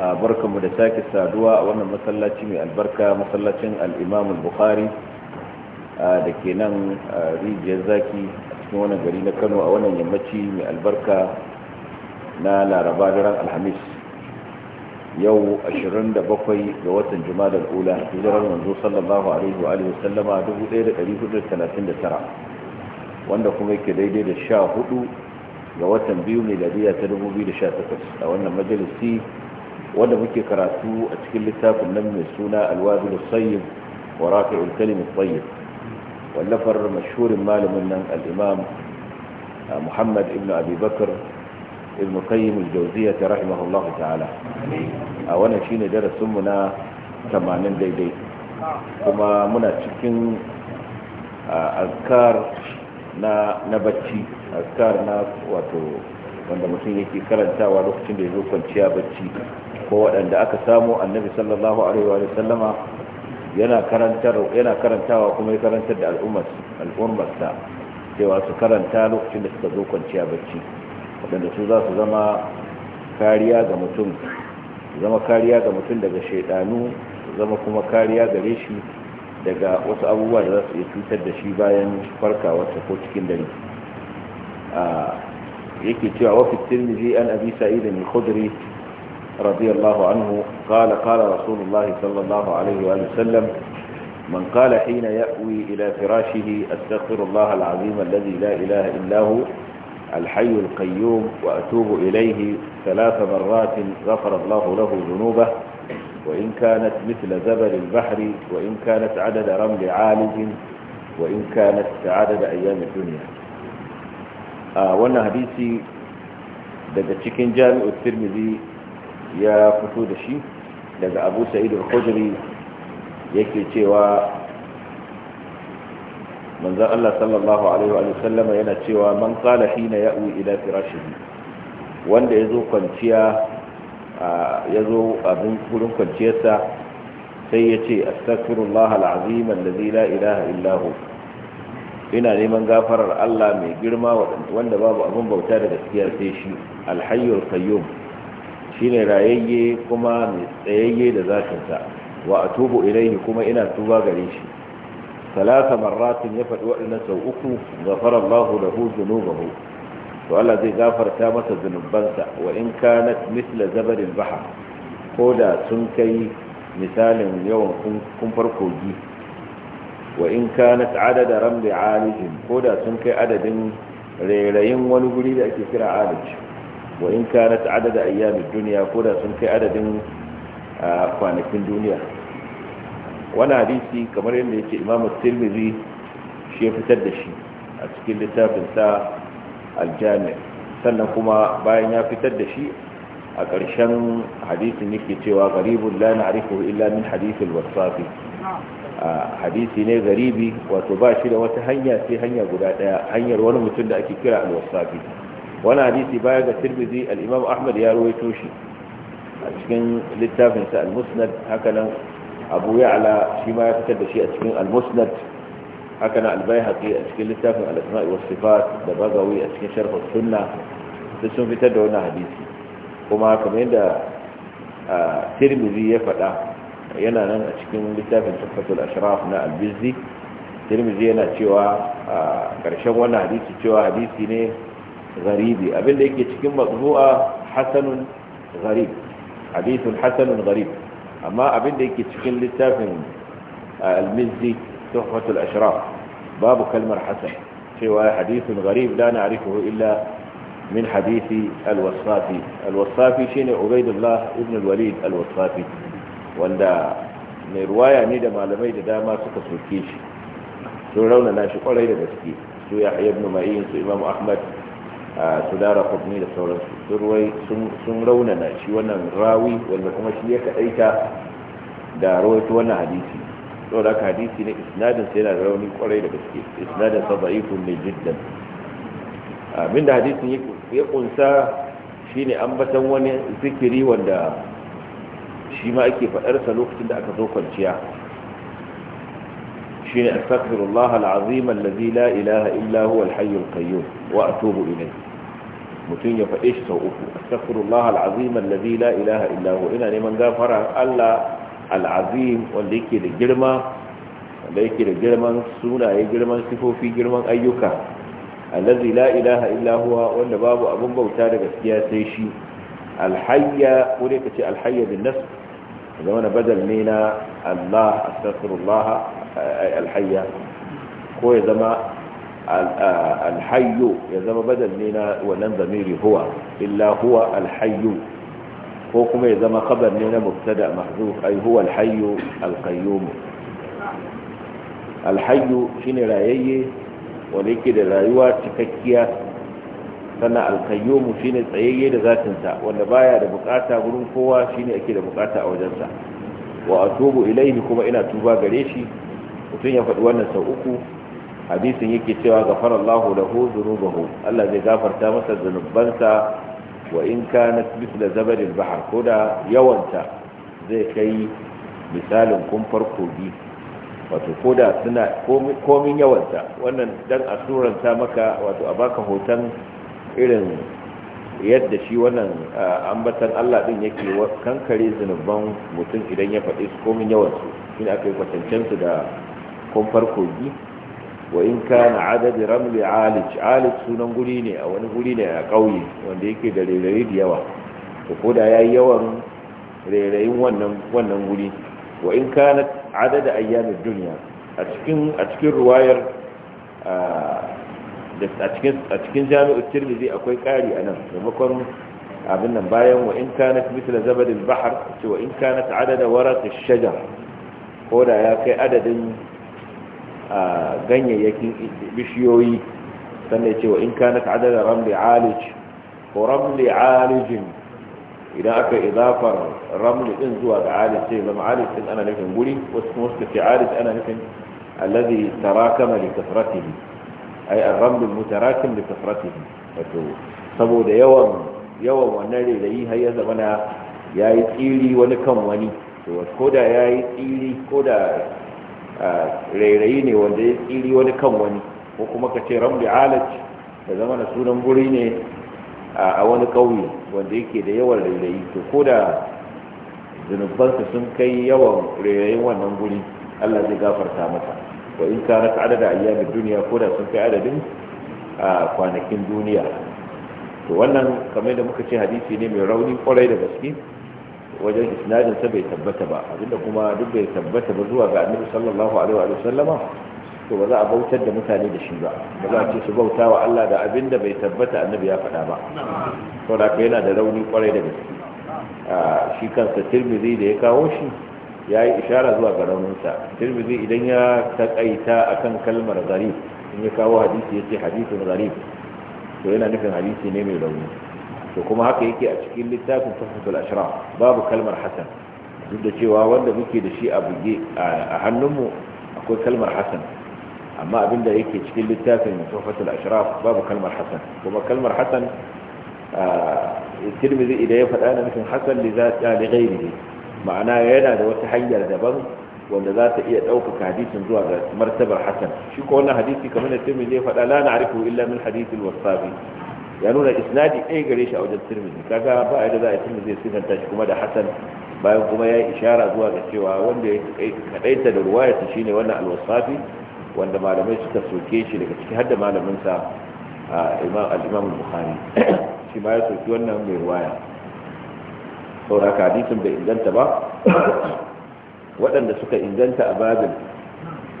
barkanmu da sake saduwa a wannan masallaci mai albarka masallacin al'imam al-bukhari da ke nan rijiyar zaki a cikin wannan gari na kano a wannan yammaci mai albarka na laraba daren alhamis yau 27 ga watan juma'a ula hijirar wanzu sallallahu alaihi wa alihi sallama 1439 wanda kuma yake daidai da 14 ga watan biyu mai miladiya ta 2018 a wannan majalisi wanda muke karatu a cikin littafin nan mai suna alwabil sayyid wa rafi'ul kalim tayyib wallafar mashhurin malamin nan al-imam ah, Muhammad ibn Abi Bakr ibn Qayyim al-Jawziyyah rahimahullah ta'ala a ah, wannan shine darasin mu na 80 daidai kuma muna cikin ah, azkar na na bacci azkar na wato wanda mutum yake karantawa lokacin da ya zo kwanciya bacci ko waɗanda aka samu annabi sallallahu alaihi wa sallama yana karantawa kuma ya karantar da al'ummarsa cewa su karanta lokacin da suka zo kwanciya bacci waɗanda su za su zama kariya ga mutum zama kariya ga mutum daga shaidanu zama kuma kariya gare shi daga wasu abubuwa da za su iya cutar da shi bayan farkawarsa ko cikin dare ah, yake cewa wafi tirmidhi an abi sa'id al-khudri رضي الله عنه قال قال رسول الله صلى الله عليه وآله وسلم من قال حين يأوي إلى فراشه أستغفر الله العظيم الذي لا إله إلا هو الحي القيوم وأتوب إليه ثلاث مرات غفر الله له ذنوبه وإن كانت مثل زبل البحر وإن كانت عدد رمل عالج وإن كانت عدد أيام الدنيا آه وانا حديثي daga تشكين جامع الترمذي ya fito da shi daga abu sa'id al yake cewa manzan Allah sallallahu alaihi wa yana cewa man qala na ya'u ila firashihi wanda yazo kwanciya abin gurin kwanciyarsa sai yace astaghfirullah al-azim alladhi la ilaha ina neman gafarar Allah mai girma wanda babu abin bauta da gaskiya sai shi al-hayyul shine rayayye kuma mai tsayayye da zatinsa wa atubu ilaihi kuma ina tuba gare shi talata marratin ya faɗi waɗannan sau uku ghafara Allahu lahu dhunubahu to Allah zai gafarta masa zunubansa wa in kanat mithla zabarin baha ko da sun kai misalin yawan kumfar kogi wa in kanat adada ramli alijin ko da sun kai adadin rairayin wani guri da ake kira alij wa in kanat adada ayyamin duniya ko da sun kai adadin kwanakin duniya wani hadisi kamar yadda ya ce imamu tirmidhi shi ya fitar da shi a cikin littafinsa aljami sannan kuma bayan ya fitar da shi a ƙarshen hadisin yake cewa garibun la na'rifu illa min hadithil wasafi hadisi ne garibi wato ba shi da wata hanya sai hanya guda daya hanyar wani mutum da ake kira al-wasafi wani hadisi baya ga tirmidhi al-imam ahmad ya rawaito shi a cikin littafin sa al-musnad hakanan abu ya'la shi ma ya fitar da shi a cikin al-musnad hakanan al-baihaqi a cikin littafin al-asma'i was sifat da bagawi a cikin sharh sunna duk sun fitar da wannan hadisi kuma kamar yadda tirmidhi ya faɗa yana nan a cikin littafin tuffatul ashraf na al-bizzi tirmidhi yana cewa a ƙarshen wannan hadisi cewa hadisi ne gharibi abinda yake cikin matbu'a hasanun gharib hadithun hasanun gharib amma abinda yake cikin littafin al-mizzi tuhfatul ashraf babu kalmar hasan cewa hadithun gharib la na'rifuhu illa min hadisi al-wassafi shine ubaidullah ibn al-walid al wanda mai ruwaya ne da malamai da dama suka soke shi sun raunana shi kwarai da gaske su ya ibn ma'in su imam ahmad su dara kudni da sauransu turwai sun raunana shi wannan rawi wanda kuma shi ya kadaita da rawaitu wannan hadisi sau da hadisi na isnadin sai yana rauni kwarai da gaske isnadin sa da'ifun mai jiddan abin da hadisin ya kunsa shine ambatan wani zikiri wanda shi ma ake faɗarsa lokacin da aka zo kwanciya shine astaghfirullah alazim allazi la ilaha illa huwa alhayyul qayyum wa atubu ilayhi mutum ya faɗe shi sau uku astaghfirullah alazim allazi la ilaha illa huwa ina neman gafara Allah alazim wanda yake da girma wanda yake da girman sunaye girman sifofi girman ayyuka allazi la ilaha illa huwa wanda babu abun bauta da gaskiya sai shi alhayya ko dai ce alhayya bin nas zama na badal ne na Allah astaghfirullah alhayya ko ya zama alhayyu ya zama badal ne na wannan zamiri huwa illa huwa alhayyu ko kuma ya zama khabar ne na mubtada mahzuf ai huwa alhayyu alqayyum alhayyu shine rayayye wanda yake da rayuwa cikakkiya sannan alkayyumu shine tsayayye da zatinsa wanda baya da bukata gurin kowa shine ake da bukata a wajensa wa atubu ilaihi kuma ina tuba gare shi mutum ya faɗi wannan sau uku hadisin yake cewa gafara Allahu ba hu Allah zai gafarta masa zunubansa wa in ka na kanat mithla bahar ko da yawanta zai kai misalin kumfar kogi wato ko da suna komin yawanta wannan dan asuranta maka wato a baka hoton irin yadda shi wannan ambatan Allah din yake kankare zunuban mutum idan ya faɗi su komin yawansu shi ne aka yi kwatancensu da Kun farko kogi wa in kana adadi ramli alij alij sunan guri ne a wani guri ne a ƙauye wanda yake da rairayi da yawa to ko da yi yawan rairayin wannan guri wa in kana adadi ayyana duniya a cikin ruwayar a cikin a cikin jami'u tirmidhi akwai ƙari anan maimakon abin nan bayan wa in kana mithla zabadil bahr ce wa in kanat adada waraq shajar ko da ya kai adadin a ganyayyakin bishiyoyi sannan cewa in ka na ka adada ramli alij ko ramli alijin idan aka izafar ramli din zuwa ga alij sai zama alij din ana nufin guri wasu kuma suka ce alij ana nufin alladhi tarakama li kasratihi ay ar-ramlu al-mutarakim li kasratihi wato saboda yawan yawan wannan rairayi har ya zama na yayi tsiri wani kan wani to ko da yayi tsiri ko da rairayi ne wanda ya tsiri wani kan wani ko kuma ka ce ramli alaci da zama na sunan guri ne a wani ƙauye wanda yake da yawan rairayi to ko da zunubansa sun kai yawan rairayin wannan guri allah zai gafarta masa ko in ka raka adada ayyamin duniya ko da sun kai adadin a kwanakin duniya to wannan kamar da muka ce hadisi ne mai rauni kwarai da gaske wajen isnadin bai tabbata ba abinda kuma duk bai tabbata ba zuwa ga annabi sallallahu alaihi wa sallama to ba za a bautar da mutane da shi ba ba za a ce su bauta wa Allah da abinda bai tabbata annabi ya faɗa ba to da yana da rauni kwarai da gaske shi kansa tirmidhi da ya kawo shi ya yi ishara zuwa ga rauninsa tirmidhi idan ya takaita akan kalmar gharib in ya kawo hadisi ya ce hadisin gharib to yana nufin hadisi ne mai rauni to kuma haka yake a cikin littafin tuhfatul ashraf babu kalmar hasan duk da cewa wanda muke da shi a buge a hannunmu akwai kalmar hasan amma abinda yake cikin littafin tuhfatul ashraf babu kalmar hasan kuma kalmar hasan tirmidhi idan ya faɗa na nufin hasan li zata li ghairihi ma'ana yana da wata hanyar daban wanda za ta iya ɗaukaka hadisin zuwa ga martabar hasan shi ko wannan hadisi kamar da tirmidhi ya faɗa la na'rifu illa min hadithil wasabi ya nuna isnadi ɗaya gare shi a wajen tirmidhi kaga ba a yadda za a tirmidhi sunan tashi kuma da hasan bayan kuma ya yi ishara zuwa ga cewa wanda ya kadaita da ruwaya ta shine wannan alwasafi wanda malamai suka soke shi daga ciki har da malaminsa a imam al-imam shi ma ya soki wannan mai ruwaya saboda hadisin bai inganta ba waɗanda suka inganta a babin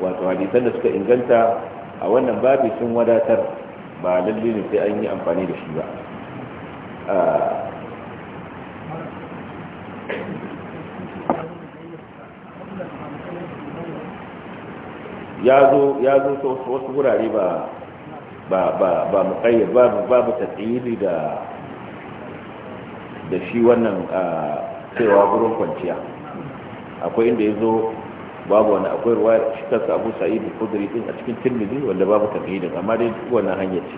wato hadisan da suka inganta a wannan babi sun wadatar ba lalle ne sai an yi amfani da shi ba ya zo wasu wurare ba ba ba ba babu tatsiri da da shi wannan cewa gurin kwanciya akwai inda ya zo babu wani akwai ruwa shi kansa abu sa'id al-khudri din a cikin tilmidi wanda babu tamhidin amma dai duk wannan hanya ce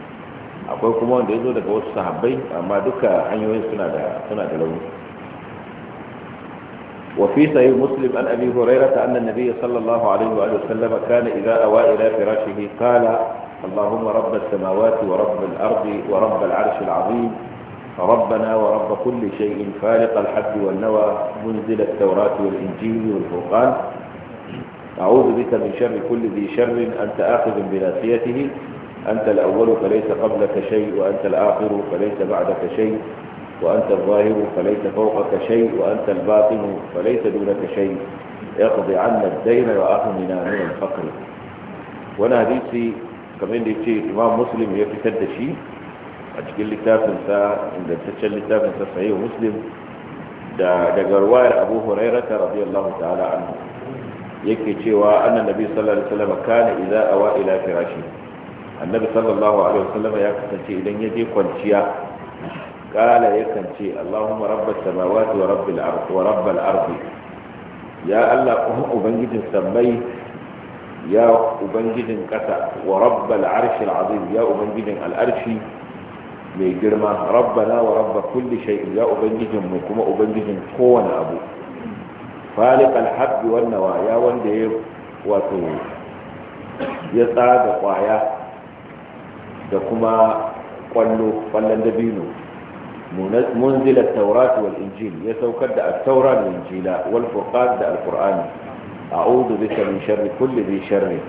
akwai kuma wanda yazo daga wasu sahabbai amma duka hanyoyin suna da suna da launi وفي صحيح مسلم عن أبي هريرة أن النبي صلى الله عليه وآله وسلم كان إذا أوى إلى فراشه قال اللهم رب السماوات ورب الأرض ورب العرش العظيم ربنا ورب كل شيء فالق الحد والنوى منزل التوراة والإنجيل والفرقان أعوذ بك من شر كل ذي شر أنت آخذ بناسيته أنت الأول فليس قبلك شيء وأنت الآخر فليس بعدك شيء وأنت الظاهر فليس فوقك شيء وأنت الباطن فليس دونك شيء اقضي عنا الدين وآخذنا من الفقر وانا هديتي كمان دي إمام مسلم يفتد شيء أشكل لتافن سا عند تشل لتافن سا صحيح مسلم دا دا رواية أبو هريرة رضي الله تعالى عنه yake cewa annan nabi sallallahu alaihi wasallam kana idza awa ila firashi annabi sallallahu alaihi wasallam ya kasance idan ya je kwanciya kala yakan ce allahumma rabbas samawati wa rabbil ardi wa rabbal ardi ya allah kuma ubangijin sammai ya ubangijin kasa wa rabbal arshil azim ya ubangijin al'arshi mai girma rabbana wa rabb kulli shay'in ya ubangijin mu kuma ubangijin kowane abu falik alhabbi wannan waya wanda ya wato ya tsaga kwaya da kuma kwallo kwallon dabino munzilar taurat wal injil ya saukar da attaura da injila wal furqan da alqur'ani a'udhu bika min sharri kulli dhi sharri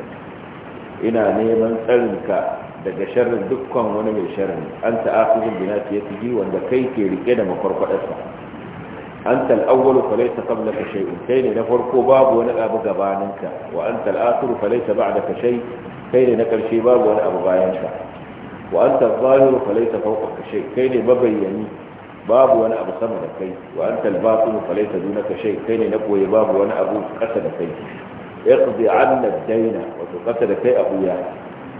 ina neman tsarinka daga sharrin dukkan wani mai sharri anta akhudhu bi nasiyatihi wanda kai ke rike da makarkwadarsa anta al-awwal fa laysa qablaka shay'un kai ne na farko babu wani abu gabaninka wa anta al-akhir fa laysa ba'daka kai ne na karshe babu wani abu bayanka wa anta al-zahir fa laysa fawqaka kai ne mabayyani babu wani abu sama da kai wa anta al-batin fa laysa kai ne na koyi babu wani abu kasa da kai 'anna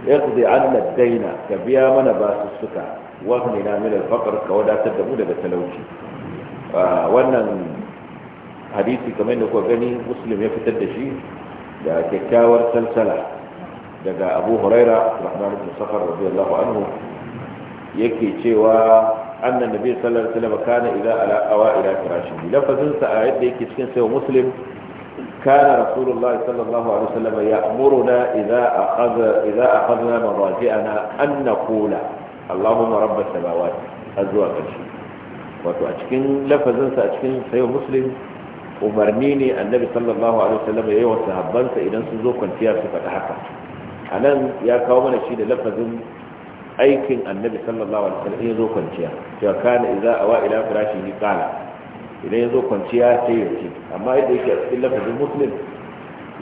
ad da kai ka biya mana basussuka wa hnina min al ka wadatar da mu daga talauci wannan hadisi kamar da kuka gani muslim ya fitar da shi da kyakkyawar salsala daga abu huraira rahman ibn safar radiyallahu anhu yake cewa annan nabi sallallahu alaihi wasallam kana ala lafazin sa a yadda yake cikin sayo muslim kana rasulullahi sallallahu alaihi wasallam ya'muruna idza akhadha idza akhadna maraji'ana an naqula allahumma rabb as-samawati azwa wato a cikin lafazinsa a cikin sayo muslim umarni ne annabi sallallahu alaihi wasallam ya yi wa sahabbansa idan sun zo kwanciya su faɗi haka a nan ya kawo mana shi da lafazin aikin annabi sallallahu alaihi wasallam ya zo kwanciya cewa kana idza awa ila firashihi qala idan ya zo kwanciya sai ya ce amma yadda yake a cikin lafazin muslim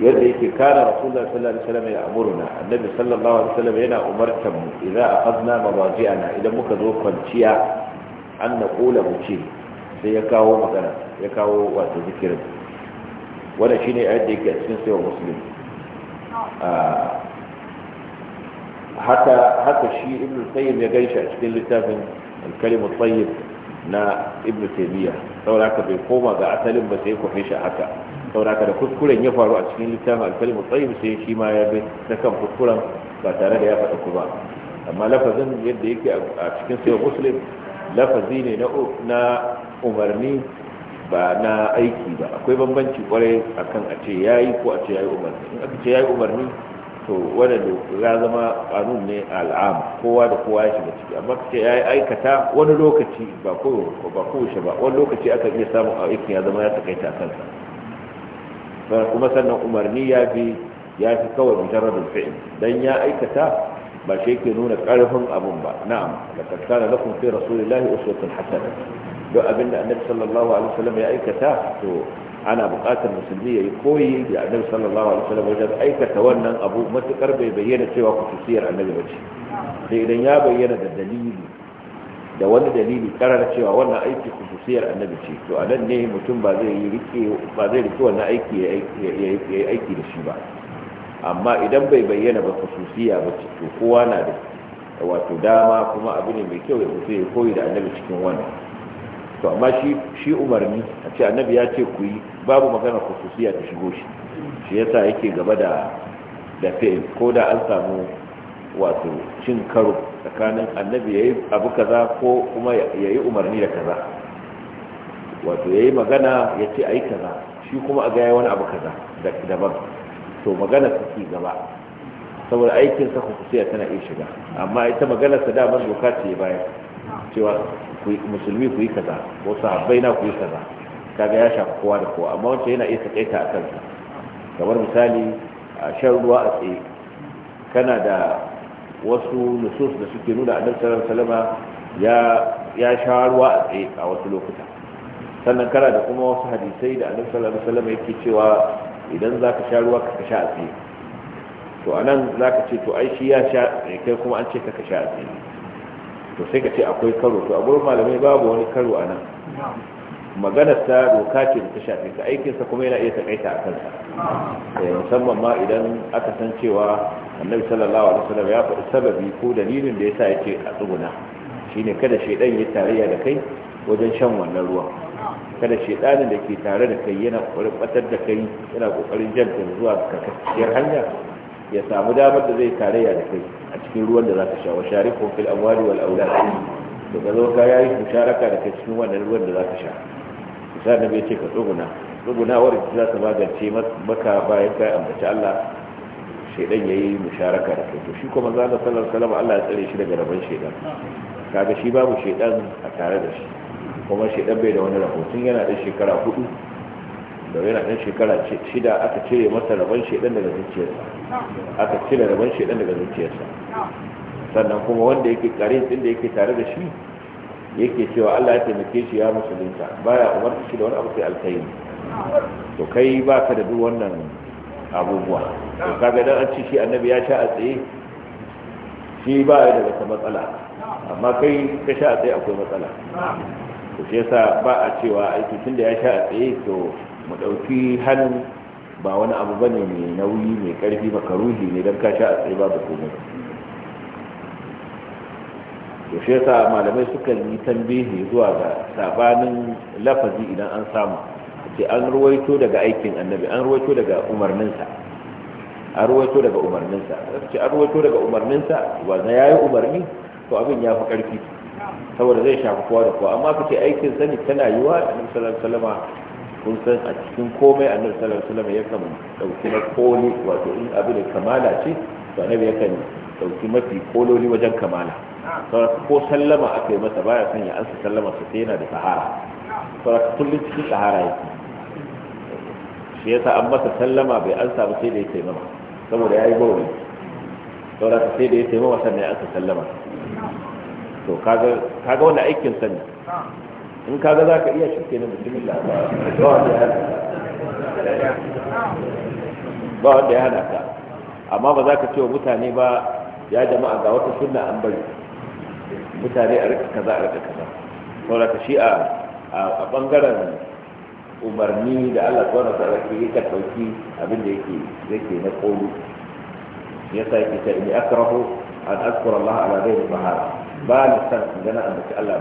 yadda yake kana rasulullahi sallallahu alaihi wasallam ya amuruna annabi sallallahu alaihi wasallam yana umartar mu idza akhadna mawaji'ana idan muka zo kwanciya an na ƙola mu ce sai ya kawo magana ya kawo wato zikirin wanda shi ne a yadda yake a cikin sayo musulun ah, haka shi ibn tsayyib ya gaishe a cikin littafin alkalimu tsayyib na ibn taimiyya saboda haka bai koma ga asalin ba sai kwafe shi haka saboda haka da kuskuren ya faru a cikin littafin alkalimu tsayyib sai shi ma ya bi ta kan kuskuren ba tare da ya faɗa ku ba amma lafazin yadda yake a cikin sayo musulun lafazi ne na umarni ba na aiki ba akwai bambanci kwarai akan a ce ya yi ko a ce ya yi umarni in aka ce ya yi umarni to da ya zama kanun ne al'am kowa da kowa ya shiga ciki amma ce yi aikata wani lokaci ba ko ba shi ba wani lokaci aka iya samun aikin ya zama ya takaita akan sa kuma sannan umarni ya fi kawai fi kawai mujarradul fi'l dan ya aikata ba shi ke nuna karfin abun ba na'am da laqad kana kun fi rasulillahi uswatun hasana duk abin da annabi sallallahu alaihi wasallam ya aikata to ana buƙatar musulmi ya yi koyi da annabi sallallahu alaihi wasallam wajen aikata wannan abu matukar bai bayyana cewa ku siyar annabi bace sai idan ya bayyana da dalili da wani dalili karar cewa wannan aiki ku siyar annabi ce to anan ne mutum ba zai yi rike ba zai rike wannan aiki ya yi aiki da shi ba amma idan bai bayyana ba kususiya ba ce to kowa na da wato dama kuma abu ne mai kyau ya mutu ya koyi da annabi cikin wannan to amma shi shi umarni a ce annabi ya ce ku yi babu magana kususiya ta shigo shi shi yasa yake gaba da da ko da an samu wato cin karo tsakanin annabi yayi abu kaza ko kuma yayi umarni da kaza wato yayi magana ya ce ayi kaza shi kuma a ga wani abu kaza daban to magana ke gaba saboda aikin sa hukusiya tana iya shiga amma ita magana sa da man doka ce baya cewa musulmi ku yi kaza ko sahabbai na ku yi kaza kaga ya shafa kowa da kowa amma wancan yana iya takaita a kansa kamar misali a shan ruwa a tsaye kana da wasu nusus da suke nuna annabi sallallahu alaihi wasallam ya ya sha ruwa a tsaye a wasu lokuta sannan kana da kuma wasu hadisai da annabi sallallahu alaihi wasallam yake cewa idan za ka sha ruwa ka sha a tsaye to a nan za ka ce to ai shi ya sha eh, kai kuma an ce ka sha a tsaye to sai ka ce akwai karo to a malamai babu wani karo a nan maganar ta doka ce da ta shafe ka aikinsa kuma yana iya takaita a kansa eh, musamman ma idan aka san cewa annabi sallallahu alaihi wasallam ya faɗi sababi ko dalilin da ya sa ya ce a tsuguna shine kada shaidan ya tarayya da kai wajen shan wannan ruwan kada shaidanin da ke tare da kai yana kokarin batar da kai yana kokarin jan ka zuwa kakkakkiyar hanya ya samu damar da zai tarayya da kai a cikin ruwan da zaka sha wa sharifu fil amwali wal aulad to ka zo ka yayi musharaka da kai cikin wannan ruwan da zaka sha kusa da bai ce ka tsuguna tsuguna tsugunawar da za ta magance maka bayan kai ambaci Allah shaidan shedan yayi musharaka da kai to shi kuma za sallallahu alaihi wasallam Allah ya tsare shi daga rabon shaidan kaga shi babu shaidan a tare da shi kuma shi dan bai da wani rabo tun yana dan shekara hudu da yana dan shekara shida aka cire masa rabon shedan daga zuciyarsa aka cire rabon shedan daga zuciyarsa sannan kuma wanda yake kare din da yake tare da shi yake cewa Allah ya taimake shi ya musulunta baya umar shi da wani abu sai alkhairi to kai baka da duk wannan abubuwa to kaga dan an ci shi annabi ya sha a tsaye shi ba ya da wata matsala amma kai ka sha a tsaye akwai matsala to shi yasa ba a cewa aiki tun da ya sha a tsaye to mu ɗauki hannun ba wani abu bane mai nauyi mai ƙarfi ruhi ne don ka sha a tsaye ko mai to shi yasa malamai suka yi tambihi zuwa ga sabanin lafazi idan an samu ce an ruwaito daga aikin annabi an ruwaito daga umarninsa an ruwaito daga umarninsa ce an ruwaito daga umarninsa wanda ya yi umarni to abin ya fi ƙarfi saboda zai shafi kowa da kowa amma ka ce aikin sani tana yi wa annabi sallallahu alaihi wasallam kun san a cikin komai annabi sallallahu alaihi wasallam yakan dauki na koli wato in abin da kamala ce to annabi yakan dauki mafi kololi wajen kamala ko sallama aka yi masa baya son ya ansa sallama su sai yana da sahara saboda kullum cikin sahara yake shi yasa an masa sallama bai ansa ba sai da ya taimama saboda ya yi bauri saboda sai da ya taimama sannan ya ansa sallama to kaga wanda aikin sani in kaga za ka iya shi ke na mutumin da ba wanda ya hana ba wanda ya hana ka amma ba za ka ce wa mutane ba ya jama'a ga wata sunna an bari mutane a rika kaza a rika kaza saboda ka shi a bangaren umarni da Allah subhanahu wa ta'ala ke ka abinda abin da yake yake na kolu sa yake ta ni akrahu an azkura Allah ala ghairi bahara ba ni san in gana an bace Allah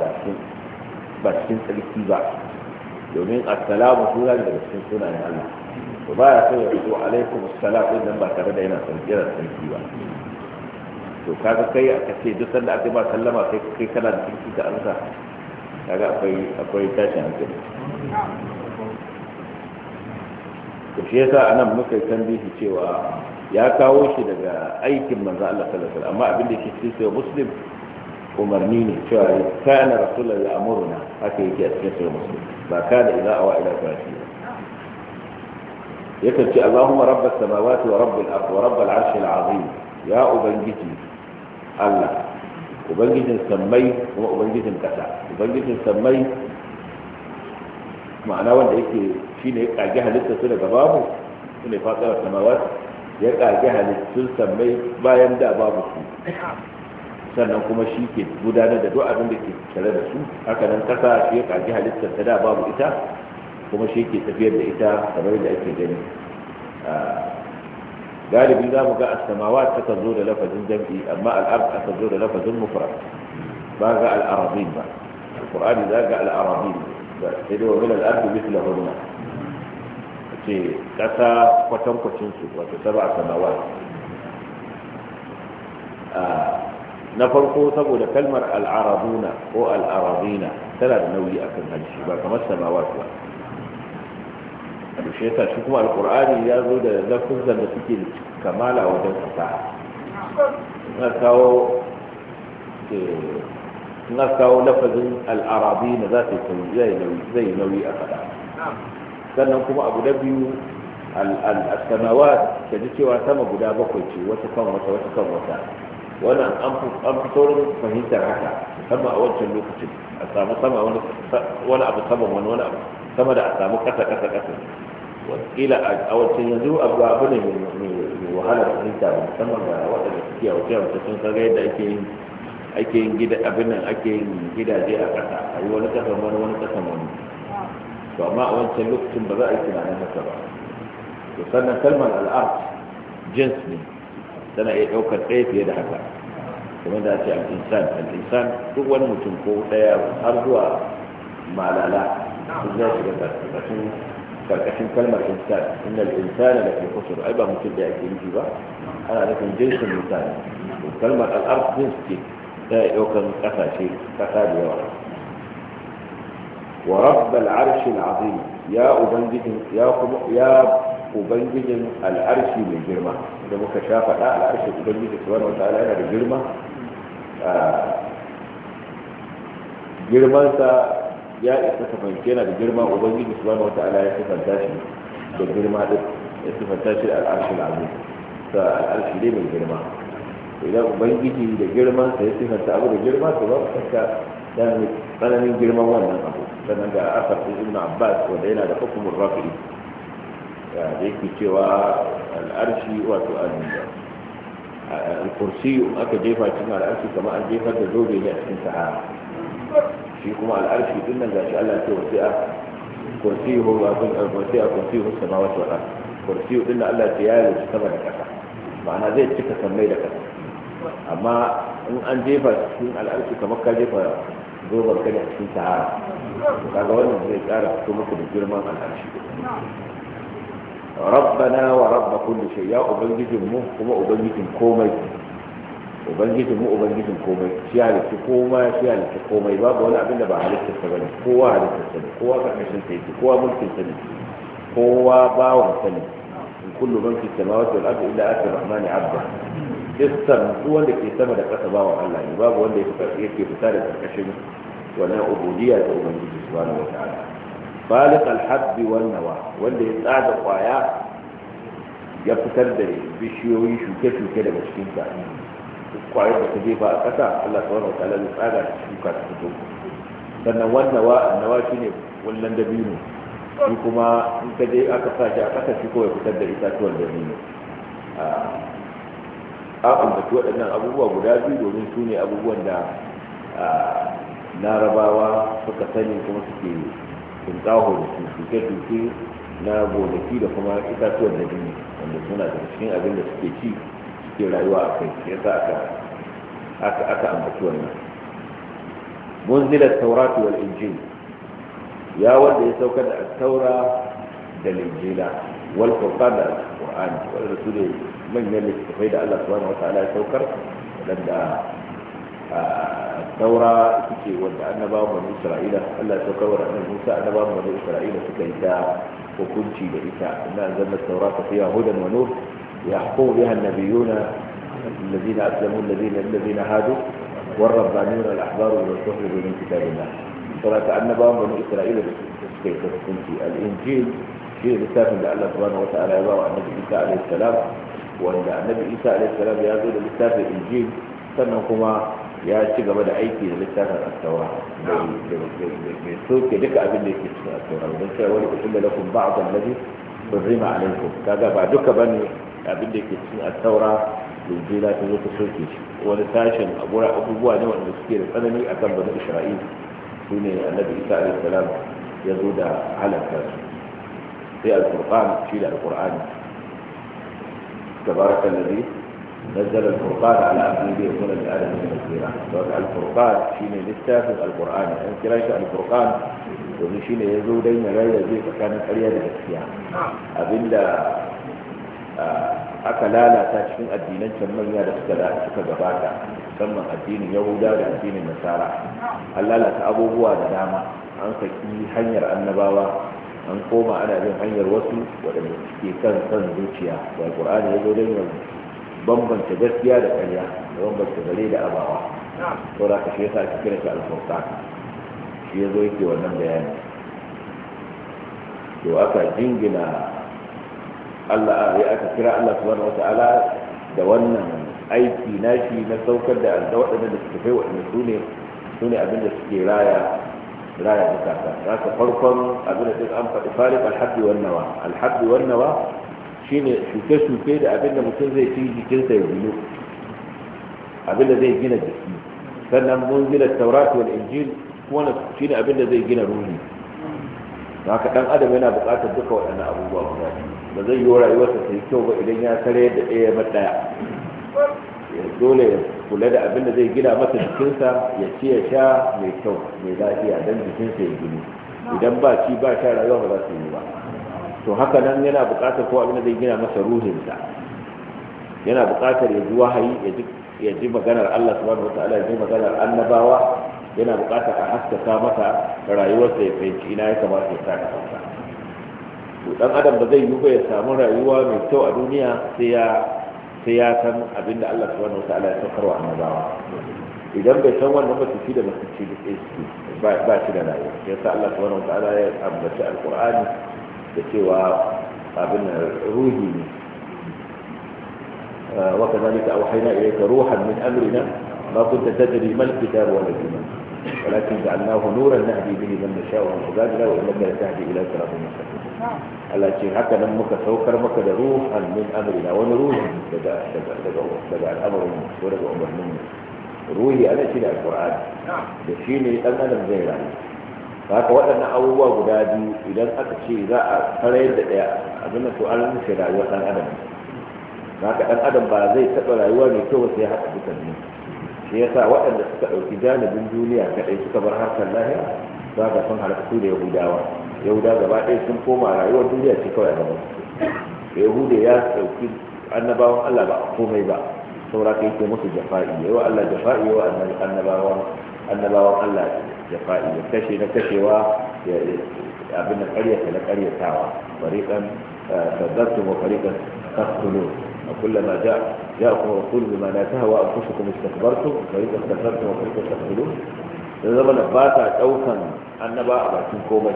ba cikin tsarki ba domin assalamu suna daga cikin sunayen Allah ba ya so ya fito alaikum assalam din nan ba tare da yana tsarki da tsarki ba to kaga kai aka ce duk sanda aka ba sallama kai kai kana da tsarki ka amsa kaga akwai akwai tashin hankali to shi yasa anan muka yi tambihi cewa ya kawo shi daga aikin manzo Allah sallallahu alaihi amma abin da yake cikin sai muslim umarni ne cewa kana rasulullahi ya amuruna haka yake a cikin sai muslim ba kana ila awa ila fasi yakan ce Allahumma rabbas samawati wa rabbil ard wa rabbil arshi azim ya ubangiji Allah ubangijin sammai kuma ubangijin kasa ubangijin sammai ma'ana wanda yake shine ya kage halitta su daga babu shine fatara samawati ya kage halittun sammai bayan da babu su sannan kuma shi ke gudanar da duk abin da ke tare da su haka nan kasa shi ya kage halittar ta da babu ita kuma shi ke tafiyar da ita kamar da ake gani galibi za mu ga asamawa ta zo da lafazin jam'i amma al'ar aka zo da lafazin mufrad ba ga al'arabin ba alqur'ani za ga al'arabin sai dai wa min al'arab mithla hunna ce ƙasa kwatankwacinsu wato saba a samawa na farko saboda kalmar al'arabuna ko al'arabina tana da nauyi a kan harshe ba kamar samawa ba a dushe ta shi kuma alkur'ani ya zo da lafizan da suke kamala wajen fasaha na kawo na kawo lafazin al'arabina za ta yi nauyi a faɗa sannan kuma abu da biyu al-samawat ta ji cewa sama guda bakwai ce wata kan wata wata kan wata wannan an fi saurin fahimtar haka sama a wancan lokacin a samu sama wani abu sama wani wani abu sama da a samu kasa kasa kasa wakila a wancan yanzu abu abu ne mai wahalar fahimta ba musamman ga waɗanda suke a wajen wata sun kaga yadda ake yin ake yin gida abin nan ake yin gidaje a ƙasa a yi wani ƙasan wani wani ƙasan wani to amma a wancan lokacin ba za a yi tunanin haka ba to sannan kalmar al'ad jins ne tana iya ɗaukar ɗaya fiye da haka kuma da ce al'insan al'insan duk wani mutum ko ɗaya har zuwa malala sun za su ga karkashin kalmar insan inda al'insan da ke kusur ai ba mutum da ake nufi ba ana nufin jinsin mutane kalmar al'ard jins ce ta ɗaukar ƙasashe ƙasa da yawa ورب العرش العظيم يا أبنجد يا يا أبنجد العرش بالجرمة إذا بك شافة لا العرش أبنجد سبحانه وتعالى أنا بجرمة آه، جرمان يا إستفن كنا بالجرمة أبنجد سبحانه وتعالى يستفن تاشي بالجرمة يستفن تاشي العرش العظيم فالعرش ليه من جرمة إذا أبنجد بالجرمة سيستفن تأبو بجرمة فبقى تنمي من جرمة وانا أبو sannan ga asar ɗin ibn abbas wanda yana da hukumar rafi da yake cewa al'arshi wato al-kursi aka jefa cikin al'arshi kama an jefar da zobe ne a cikin sahara shi kuma al'arshi din nan gashi Allah ce wasi a kursi ho a kun kursi a kursi hu samawati wal ard kursi din nan Allah ce ya yi sama da kasa ma'ana zai cika sammai da kasa amma in an jefa cikin al'arshi kamar ka jefa zoban ka a cikin sahara daga wannan zai tsara fito maka da girman al'arshi rabbana wa rabba kulli shay ya ubangijin mu kuma ubangijin komai ubangijin mu ubangijin komai shi halitta komai shi halitta komai babu wani abin da ba halitta ta bane kowa halitta ta ne kowa karkashin ta yake kowa mulkin ta ne kowa bawon ta ne in kullu man fi samawati wal ardi illa ati rahmani abba. dukkan duk wanda ke sama da ƙasa bawan Allah ne babu wanda ya ke fita da ƙarƙashin wannan ubudiyya ta ubangiji subhanahu wataala faliq Balik habb wan nawa wanda ya tsaga kwaya ya fitar da bishiyoyi shuke-shuke daga cikin ta kwayar da ta ba a ƙasa Allah subhanahu wataala ya tsaga shuka ta fito sannan wan nawa annawa shine wallan dabino shi kuma in ka je aka sa shi a ƙasa shi kawai fitar da itatuwan dabino ah, an ambaci waɗannan abubuwa guda biyu domin su ne abubuwan da larabawa suka sani kuma suke tuntaho da su suke na gonaki da kuma itatuwan da jini wanda suna da cikin abin da suke ci suke rayuwa a kai ya sa aka ambaci wannan munzilar tauratu wal injil ya wanda ya saukar da taura da linjila wal qur'an da qur'ani wanda su ne manyan littattafai da Allah subhanahu wa ta'ala ya saukar wadanda taura suke wanda annabawan bani isra'ila Allah ya saukar wa annabi Musa annabawan bani isra'ila suka yi ta hukunci da ita inna anzalna tawrata fiha hudan wa nur yahkum biha an-nabiyuna الذين أسلموا الذين الذين هادوا والربانيون الأحبار والصحب من كتاب الله صلاة النبوة بني إسرائيل كيف تكون في الإنجيل في رسالة الله سبحانه وتعالى يضع النبي عيسى عليه السلام wanda annabi isa alaihissalam ya zo da littafin injil sannan kuma ya ci gaba da aiki da littafin attawa mai soke duka abin da yake cikin attawa don cewa wani kusur da lakun ba a zallabi burrima alaikum kaga ba duka bane abin da yake cikin attawa injila ta zo ta soke shi wani sashen abubuwa ne wanda suke da tsanani akan bani isra'il su ne annabi isa alaihissalam ya zo da halakar sai alkur'an shi da alkur'ani تبارك الذي نزل الفرقان على عبده ليكون للعالمين نذيرا الفرقان شيء للتافه القران ان كراش الفرقان domin shi ne ya zo don ya raya zai tsakanin karya da gaskiya abinda aka lalata cikin addinan can manya da suka gabata musamman addinin yahuda da addinin nasara an lalata abubuwa da dama an saki hanyar annabawa an koma ana bin hanyar wasu waɗanda suke kan san zuciya da alƙur'ani ya zo dan bambanta gaskiya da ƙarya da bambanta gare da abawa to da ka shi yasa ake kira shi alfurqan shi ya zo yake wannan bayani to aka jingina Allah ya eh, aka kira Allah subhanahu wata'ala da wannan aiki nashi na saukar da da da suka kai waɗanda su ne su ne abinda suke raya raya bukata za ka farkon abin da duk an faɗi farik alhabbi wannawa alhabbi shi ne shuke-shuke da abin da mutum zai ci jikinsa ya biyu abin da zai gina jiki sannan mun gina taurat wal injil kuma ne abin da zai gina ruhi za ka ɗan adam yana buƙatar duka waɗannan abubuwa guda ba zai yi wa rayuwarsa ta yi kyau ba idan ya kare da ɗaya ba ɗaya dole kula da abin da zai gina masa jikinsa ya ci ya sha mai kyau mai lafiya don jikinsa ya gini idan ba ci ba sha rayuwa ba za su yi ba to haka nan yana buƙatar ko abin da zai gina masa ruhinsa yana buƙatar ya ji wahayi ya ji maganar Allah subhanahu wataala ya ji maganar annabawa yana buƙatar a haskaka masa rayuwarsa ya fahimci ina ya kamata ya sa kansa to dan adam ba zai yi ba ya samu rayuwa mai kyau a duniya sai ya siyasan ya abin da Allah subhanahu wa ta'ala ya saukar wa annabawa idan bai san wannan ba tafi da mutunci da tsaye ba shi da rayuwa ya sa Allah subhanahu wa ta'ala ya ambaci alqur'ani da cewa abin ruhi ne wa وكذلك أوحينا إليك روحا من أمرنا ما كنت تدري ما الكتاب ولا الإيمان ولكن جعلناه نورا نهدي به من نشاء من عبادنا وإنك لتهدي إلى صراط مستقيم Allah ce haka nan muka saukar maka da ruhan min amrina wani ruhi daga al'amarin ko daga umarnin mu ruhi Allah shi da Alƙur'an. da shi ne ɗan adam zai rayu ka waɗannan abubuwa guda biyu idan aka ce za a farayar da daya abin to an nufi rayuwar ɗan adam ka ɗan adam ba zai taɓa rayuwa mai kyau sai haka dukkan ne shi sa waɗanda suka ɗauki janibin duniya kaɗai suka bar harkar lahira za ka san halakatu da yahudawa yahuda gaba ɗaya sun koma rayuwar duniya ce kawai a gaban su yahuda ya sauki annabawan allah ba a komai ba saura ka yake musu jafa'i yawa allah jafa'i yawa annabawan annabawan allah jafa'i ya kashe na kashewa ya abin da karyata na karyatawa fariƙan sabbatu wa fariƙan kastulu وكلما جاء جاءكم رسول بما لا تهوى انفسكم استكبرتم فريقا استكبرتم وفريقا تقتلون da zama da ba ta ɗaukan annaba a bakin komai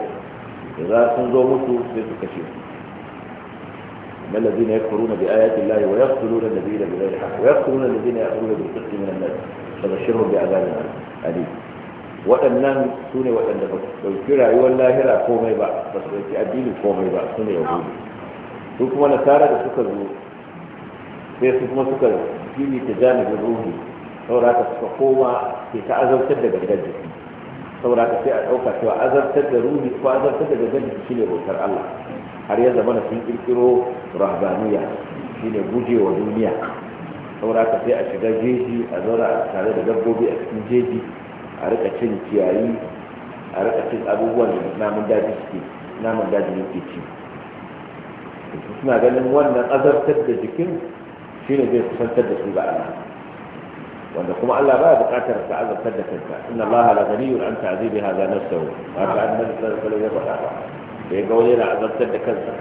da za sun zo mutu sai su kashe su من الذين يكفرون بآيات الله ويقتلون الذين da حق ويقتلون الذين يأمرون بالقسط من الناس فبشرهم بعذاب أليم waɗannan su ne waɗanda ba su ɗauki rayuwar lahira komai ba ba su ɗauki addini komai ba su ne ya gudu. su kuma nasara da suka zo sai su kuma suka fili ta janibin ruhi saboda haka suka koma ke ta azabtar da gangan jiki saboda ka sai a ɗauka cewa azabtar da ruhi ko azabtar da gaban shi shine bautar Allah har ya zama sun kirkiro rahbaniya shine wa duniya saboda ka sai a shiga jeji a a tare da dabbobi a cikin jeji a rika cin ciyayi a rika cin abubuwan da namun daji suke namun daji ke ci suna ganin wannan azabtar da jikin shine zai kusantar da su ga Allah wanda kuma Allah baya bukatar ka azabtar da kanka inna Allah la ghaniyun an ta'zibi hadha nafsuhu haka annabi sallallahu alaihi wasallam ya faɗa da ya ga wani yana azabtar da kansa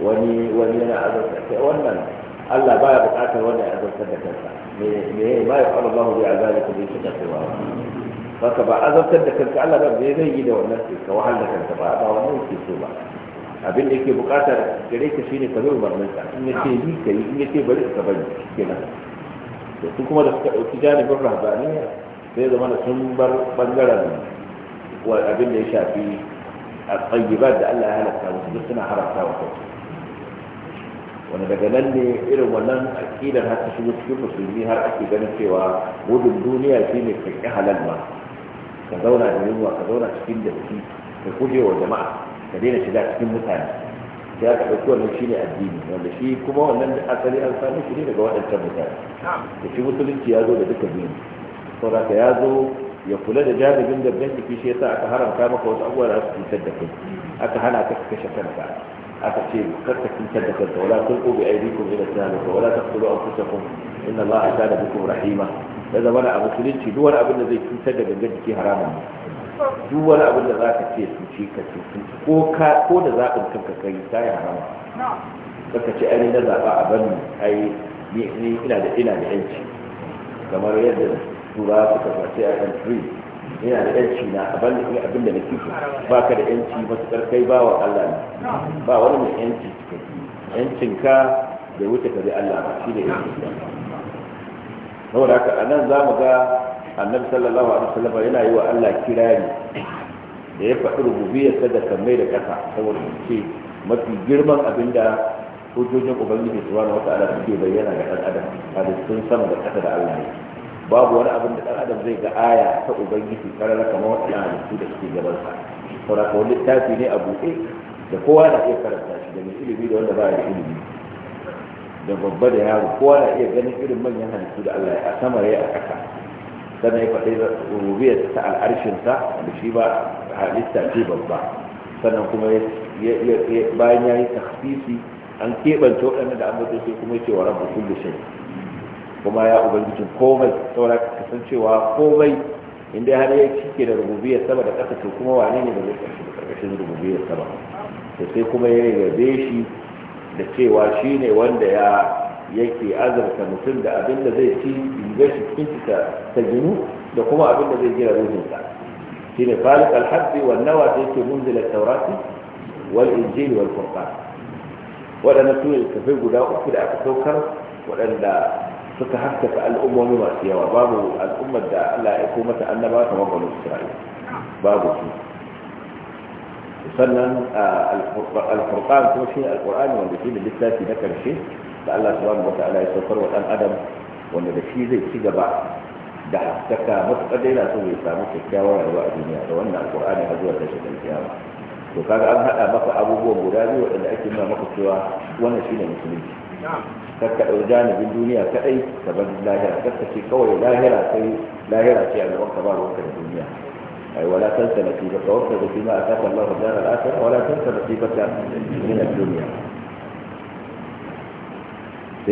wani wani yana azabtar da wannan Allah baya bukatar wanda ya azabtar da kansa me me ma yaqulu Allah bi azabikum bi shiddatin wa haka ba azabtar da kanka Allah ba zai yi da wannan sai ka wahala kanka ba ba wannan ke so ba abin da yake bukatar gare ka shine ka zo ka, in yace ni kai in yace bari ka bari kenan da su kuma da suka ɗauki janibin rahbaniya sai zama da sun bar ɓangaren abin da ya shafi a tsayibar da Allah ya halatta musu duk suna haramta wa kai wani daga nan ne irin wannan aƙidar har ta shigo cikin musulmi har ake ganin cewa gudun duniya shi ne ka halal ma ka zauna da yunwa ka zauna cikin datti ka kuje wa jama'a ka daina shiga cikin mutane ya ka ɗauki wannan shine addini wanda shi kuma wannan da asali an samu shi ne daga waɗancan mutane da shi musulunci ya zo da duka biyu saboda ka ya zo ya kula da jami'in da ban jiki shi yasa aka haramta maka wasu abubuwa da su cutar da kai aka hana ka kashe kanka aka ce karka cutar da kanka wala kun ubi aidikum ila tahlika wala taqtulu anfusakum inna allaha kana bikum rahima da zamana a musulunci duk wani abin da zai cutar da gangan jiki haramun ne duk wani abin da za ka ce su ce ka cuci ko ka ko da zaɓin kanka kai ta yi harama kaka ce ainihin na zaɓa a bani ai ni ina da ina da yanci kamar yadda su su suka sace a yan free ina da yanci na a bani ina abin da nake so ba ka da yanci matuƙar kai ba wa Allah ne ba wani mai yanci yancin ka da wuce ka bi Allah ba shi da yanci saboda haka a nan za mu ga annabi sallallahu alaihi wasallam yana yi wa Allah kirari da ya faɗi rububiyarsa da mai da kasa saboda ce mafi girman abin da hujjojin ubangiji wata wataala ke bayyana ga dan adam a cikin sama da ƙasa da Allah ne. babu wani abin da dan adam zai ga aya ta ubangiji karara kamar wannan su da suke gaban sa saboda ko littafi ne a buɗe da kowa na iya karanta shi da mai ilimi da wanda ba da ilimi da babba da yaro kowa na iya ganin irin manyan halittu da Allah ya a sama a ƙasa sannan ya faɗi rububiyar ta al'arshinsa da shi ba halitta ce babba sannan kuma bayan ya yi takfisi an keɓance waɗanda da ambata sai kuma ya ce wa rabu kullu shay kuma ya ubangijin komai saboda kasancewa komai inda har ya cike da rububiyar sama da ƙasa kuma wane ne da zai ƙarshe da ƙarƙashin rububiyar sama sai kuma ya rabe shi da cewa shine wanda ya yake azurta mutum da abin da zai ci rigar shi cikin ta jinu da kuma abin da zai gina ruhinsa shi ne falik alhabbi wa nawa da yake munzila taurati wal injil wal furqan waɗannan su ne kafai guda uku da aka saukar waɗanda suka haskaka al'ummomi masu yawa babu al'ummar da Allah ya ko mata annaba ta banu Isra'ila babu su sannan al-qur'an kuma shi al-qur'ani wanda shi da littafi na karshe da Allah subhanahu wa ta'ala ya saukar wa dan adam wanda da shi zai ci gaba da haskaka mutaka matuƙar yana so ya samu kyakkyawar rayuwa a duniya da wannan alqur'ani har zuwa tashi da kiyama to kaga an hada maka abubuwan guda biyu wanda ake nuna maka cewa wannan shine musulunci kakka ɗau janibin duniya kadai ka bar lahira kakka ce kawai lahira sai lahira ce a gaban ka ba ruwanka da duniya أي ولا تنس نصيبك وارتب فيما أتاك الله الدار الآخرة ولا تنس min من dunya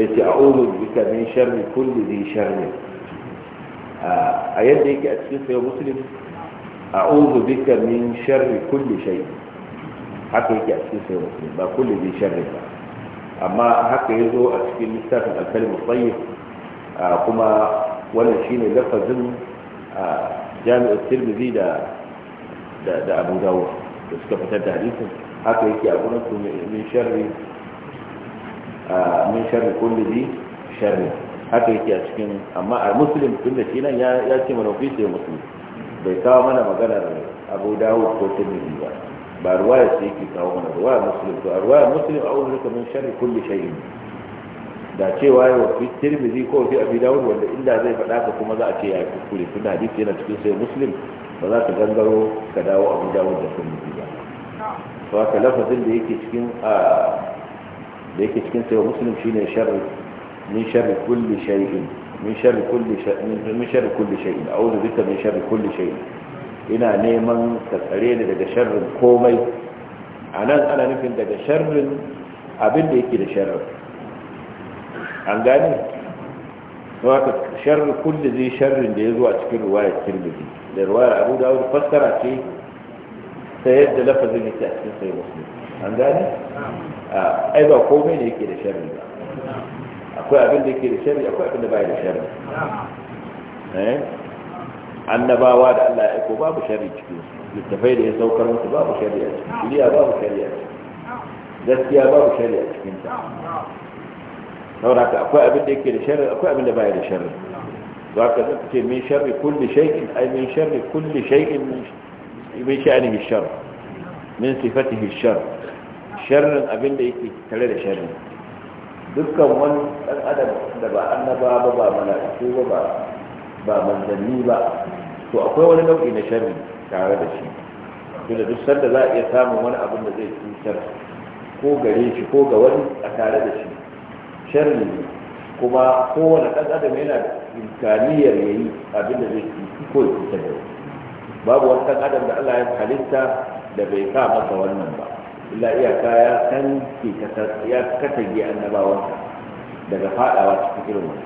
التي أعوذ بك من شر كل ذي شر آه، آيات ديك أتسلس يا مسلم أعوذ بك من شر كل شيء حتى يكي أتسلس يا مسلم ما كل ذي شر أما حتى يزو أتسلس مستخدم الكلمة الطيب آه، كما ولا شيء لفظ آه، جامع الترمذي دا دا أبو داوود بس كيف تبدأ حديثه حتى يكي أقول من شر min sharri kulli bi sharri haka yake a cikin amma a muslim tun da shi nan ya ce mana fi sai muslim bai kawo mana maganar abu dawud ko tirmidhi ba ba ruwaya ce yake kawo mana ruwaya muslim to a ruwaya muslim a wani rikamin sharri kulli shay'in da cewa ya wafi tirmidhi ko fi abu dawud wanda inda zai faɗa ka kuma za a ce ya kuskure tun da hadisi yana cikin sai muslim ba za ka gangaro ka dawo abu dawud da tirmidhi ba to haka lafazin da yake cikin a da yake cikin sayo muslim shine sharri min sharri kulli shay'in min sharri kulli shay'in min sharri kulli shay'in a'udhu bika min sharri kulli shay'in ina neman ka tsare ni daga sharrin komai anan ana nufin daga sharrin abin da yake da sharri an gane to haka sharri kulli zai sharrin da yazo a cikin riwayar Tirmidhi da riwayar Abu Dawud fassara ce ta yadda lafazin yake a cikin sayo muslim an gane ai ba komai ne yake da sharri ba akwai abin da yake da sharri akwai abin da bai da sharri eh annabawa da Allah ya ko babu sharri cikin su littafai da ya saukar musu babu sharri a cikin shari'a babu sharri a cikin gaskiya babu sharri a cikin ta saboda akwai abin da yake da sharri akwai abin da bai da sharri to haka zaka ce min sharri kulli shay'in ai min sharri kulli shay'in min sha'nihi ash min sifatihi ash sharrin abin da yake tare da sharrin dukkan wani dan adam da ba annaba ba ba mala'iku ba ba manzanni ba to akwai wani nau'i na sharri tare da shi da duk sanda za a iya samun wani abin da zai cutar ko gare shi ko ga wani a tare da shi sharri ne kuma kowane dan adam yana da imkaniyar yayi abin da zai cuci ko ya cutar da babu wani dan adam da Allah ya halitta da bai sa masa wannan ba illa iyaka ya kanke ya katange annabawansa daga fadawa cikin irin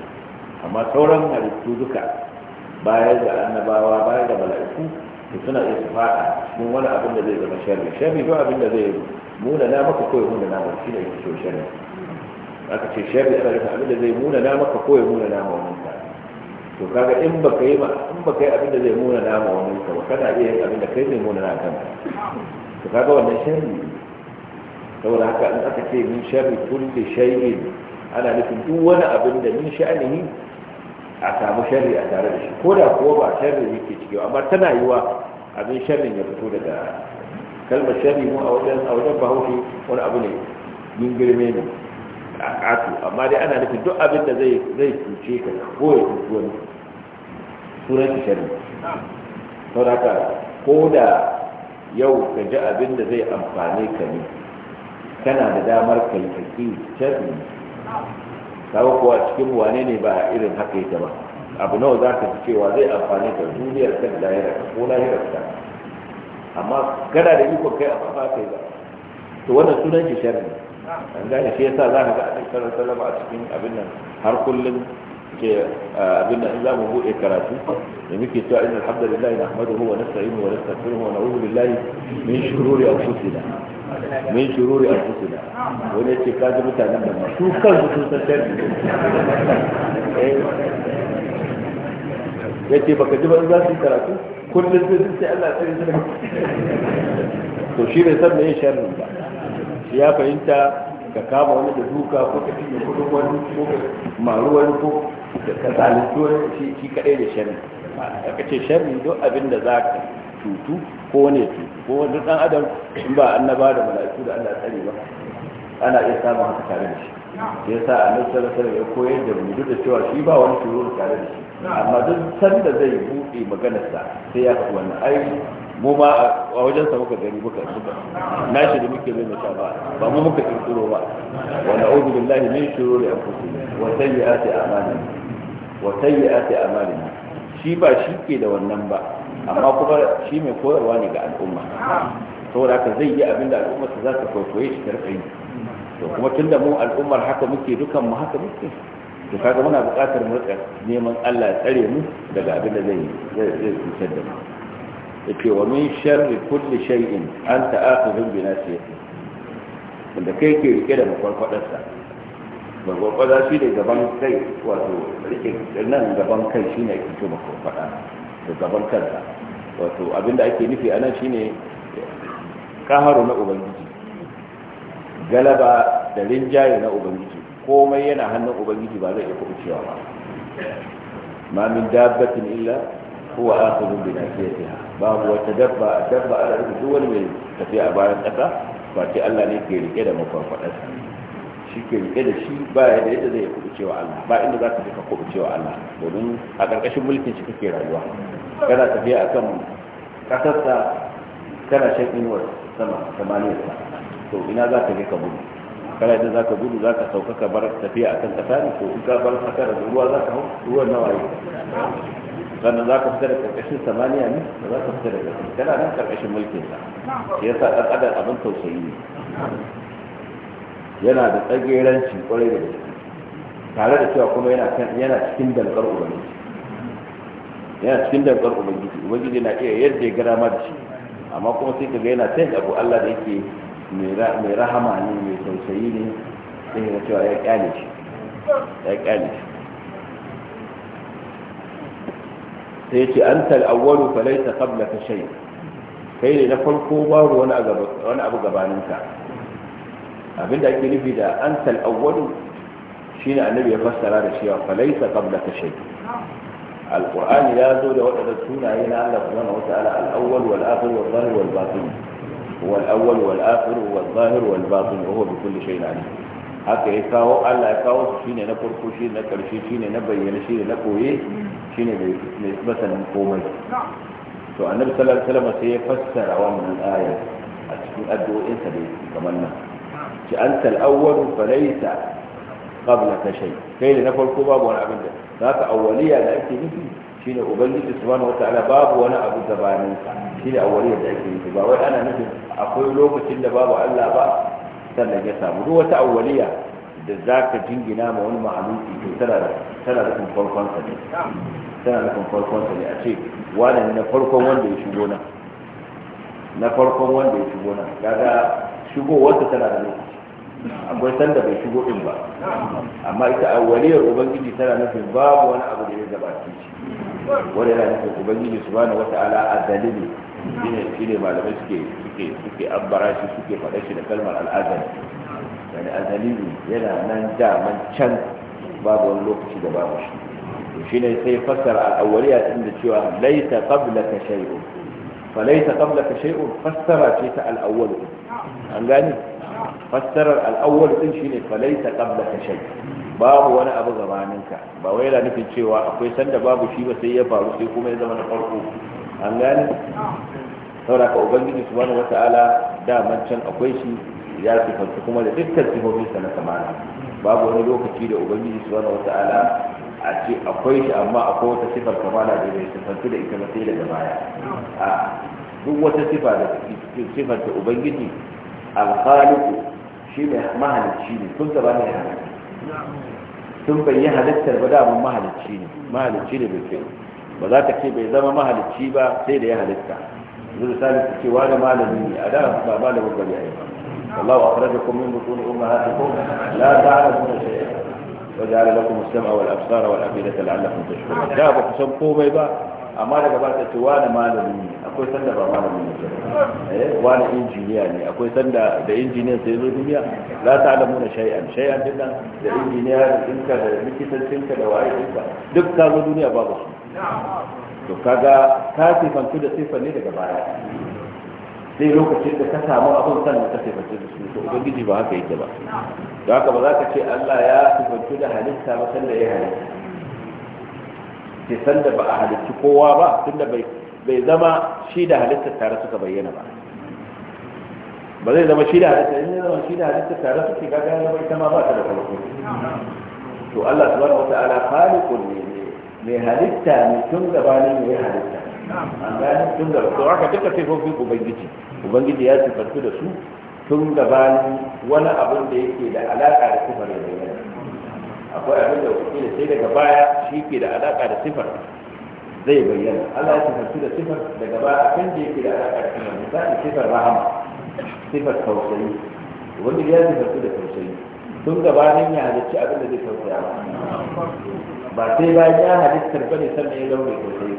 amma sauran halittu duka bayan da annabawa bayan da mala'iku to suna iya su fada cikin wani abin da zai zama sharri sharri ko abin da zai muna na maka ko ya muna na maka shine yake so sharri aka ce sharri ana nufin abin da zai muna na maka ko ya muna na maka ka to kaga in baka yi ba in baka yi abin da zai muna na maka wannan ka kana iya yin abin da kai zai muna na kanka to kaga wannan sharri saboda haka in aka ce min sharri da shay'in ana nufin duk wani abin da min sha'anihi a samu sharri a tare da shi ko da kuwa ba sharri yake ciki amma tana yi wa abin sharrin ya fito daga kalmar sharri mu a wajen a wajen bahaushe wani abu ne min gingirme ne a ƙato amma dai ana nufin duk abin da zai cuce ka ko ya cuce wani sunan sharri saboda haka ko da yau ka ji abin da zai amfane ka ne kana da damar kai kaki tafi kawo kuwa cikin wane ne ba irin haka yake ba abu nawa za ka ji cewa zai amfani da duniyar kan lahira ko lahira ta amma kana da iko kai a fafa kai ba to wannan sunan shi sharri an gane shi yasa za ka ga annabi sallallahu alaihi a cikin abin nan har kullum ke abin nan za mu buɗe karatu da muke cewa inna alhamdulillahi nahmaduhu wa nasta'inuhu wa nastaghfiruhu wa na'udhu billahi min shururi anfusina min shururi a anfusina wani ya ce kaji mutanen da kan su kansu sun san eh. ya ce baka ji ba za su yi karatu kullum sai sun Allah ya tsari su to shi bai san me yin sharri ba shi ya fahimta ka kama wani da duka ko ka cinye kudin wani ko maru wani ko ka zalunci wani shi kadai da sharri ka ce sharri don abin da za ka tutu ko ne tutu ko wanda dan adam in ba annaba da mala'iku da Allah tsare ba ana iya samun haka tare da shi ya sa a sallallahu alaihi ya koyar da mu duk da cewa shi ba wani shuru tare da shi amma duk sanda zai buɗe maganarsa sai ya faɗi wannan ai mu ma a wajen sa muka gani muka suka shi da muke mai mata ba ba mu muka kirkiro ba wa na'udhu billahi min shururi anfusina wa sayyiati a'malina wa sayyiati a'malina shi ba shi ke da wannan ba amma kuma shi mai koyarwa ne ga al'umma saboda haka zai yi abinda da al'umma su za ta kwaikwaye shi karfe to kuma tun da mu al'ummar haka muke dukan mu haka muke to kaga muna buƙatar mu rika neman Allah ya tsare mu daga abin da zai zai cutar da mu yace wa min sharri kulli shay'in anta akhidhun bi nasiyati wanda kai ke rike da makwarkwadarsa makwarkwada shi ne gaban kai wato rike nan gaban kai shine ne ake ce makwarkwada da wato abinda ake nufi a nan shine kaharu na ubangiji galaba da rinjaye na ubangiji komai yana hannun ubangiji ba zai iya kuɓucewa ba ma min dabbatin illa huwa akhirun bi nasiyatiha babu wata dabba dabba ala duk wani mai tafiya a bayan ƙasa ba ce Allah ne ke rike da mafarfadarsa shi ke rike da shi ba ya da yadda zai kuɓi cewa Allah ba inda za ka fi ka kuɓi cewa Allah domin a ƙarƙashin mulkin shi kake rayuwa kana tafiya a kan ƙasarsa kana shan inuwar sama sa to ina za ka je ka gudu kana yadda za ka gudu za ka sauka ka bar tafiya a kan ƙasa ne to in ka bar ƙasar da ruwa za ka hau ruwan nawa yi sannan za ka fita da ƙarƙashin samaniya ne ba za ka fita da ƙarƙashin kana nan ƙarƙashin mulkinsa shi yasa ɗan adam abin tausayi ne yana da tsageranci kwarai da gaske tare da cewa kuma yana yana cikin dankar ubangiji yana cikin dankar ubangiji ubangiji na iya yadda ya gara ma da shi amma kuma sai kaga yana sai abu Allah da yake mai rahama ne mai tausayi ne sai ga cewa ya kyale shi ya kyale shi sai yace anta al-awwalu falaysa qablaka shay kai ne na farko babu wani abu gabaninka abinda ake nufi da anta al shi ne annabi ya fassara da cewa falaysa qablaka shay al alƙur'ani ya zo da waɗanda sunaye na Allah subhanahu wataala al-awwal wal akhir wa zahir wal batin هو الأول والآخر والظاهر والباطن وهو بكل شيء عليم haka ya kawo Allah ya kawo su shine na farko shine na karshe ne na bayyana shi ne na koye ne mai masanin komai to annabi sallallahu alaihi wasallam sai ya fassara wannan aya a cikin addu'o'in sa dai kamar nan ki anta al-awwal fa laysa qablaka shay kai da na farko babu wani abin da za ka awwaliya da ake nufi shine ubangiji subhanahu wataala babu wani abu gabanin shi ne awwaliya da ake nufi ba wai ana nufin akwai lokacin da babu Allah ba sannan ya samu duk wata awwaliya da za ka jingina ma wani mahaluki to tana da tana da farkon sa ne tana da farkon sa ne a ce wani na farkon wanda ya shigo nan na farkon wanda ya shigo nan kaga shigowarsa tana da lokaci akwai sanda bai shigo din ba amma ita a waliyar ubangiji tana nufin babu wani abu da ya gabata shi wanda yana nufin ubangiji su bani wata ne shine shine malamai suke suke suke abbara shi suke faɗa shi da kalmar al'azali yani azali yana nan daman can babu wani lokaci da babu shi ne sai fassara al'awwaliya din da cewa laita qablaka shay'un falaita qablaka shay'un fassara ce ta al'awwal an gane fassarar al'awwal din shine falaita qabla ka shay babu wani abu gabaninka ba wai yana nufin cewa akwai sanda babu shi ba sai ya faru sai kuma ya zama na farko an gane saboda ka ubangiji su subhanahu wataala daman can akwai shi ya sifanta kuma da dukkan sifofinsa na samana babu wani lokaci da ubangiji su subhanahu wataala a ce akwai shi amma akwai wata sifar kamala da bai sifantu da ita ba sai daga baya a duk wata sifa da sifar da ubangiji alkhaliku shi ne mahalicci ne tun gaba ne halitta tun bai yi halittar ba daman mahalicci ne mahalicci ne bai ba za ka ce bai zama mahalicci ba sai da ya halitta yanzu misali ku ce wani malami ne a da ba malamin ba ne a yi ba wallahu akhrajakum min butun ummahatikum la ta'lamuna shay'an وجعل لكم السمع والابصار والافئده لعلكم تشكرون da ba ku san komai ba amma daga ba ta ce wani malami ne akwai sanda ba malami ne eh, wani injiniya ne akwai sanda da injiniyan sai zo duniya za ta alamu na shay'an shay'an din nan da injiniya da dinka da likitancinka da waye dinka duk ta zo duniya babu su to kaga ka sifantu da sifan ne daga baya sai lokacin da ka samu abin da ka sifantu da su to ubangiji ba haka yake ba To haka ba za ka ce Allah ya sifantu da halitta ba sanda ya halitta ke san da ba a halitta kowa ba tunda bai bai zama shi da halitta tare suka bayyana ba ba zai zama shi da halitta in zama shi da halitta tare suke gaga ya bai ta ma ba ta da farko to Allah subhanahu wata'ala khaliqun ne mai halitta ne tun ne mai halitta an gani tun gaba to haka duka sifofin ubangiji ubangiji ya sifantu da su tun ne wani abin da yake da alaka da kuma da bayyana akwai abin da wakil sai daga baya shi ke da alaka da sifar zai bayyana Allah ya sifarci da sifar daga baya akan da yake da alaka da sifar misali sifar rahama sifar tausayi wanda ya sifarci da tausayi tun gabanin ya halicci abin da zai tausaya ba ba sai bayan ya halittar ne sannan ya zaune tausayi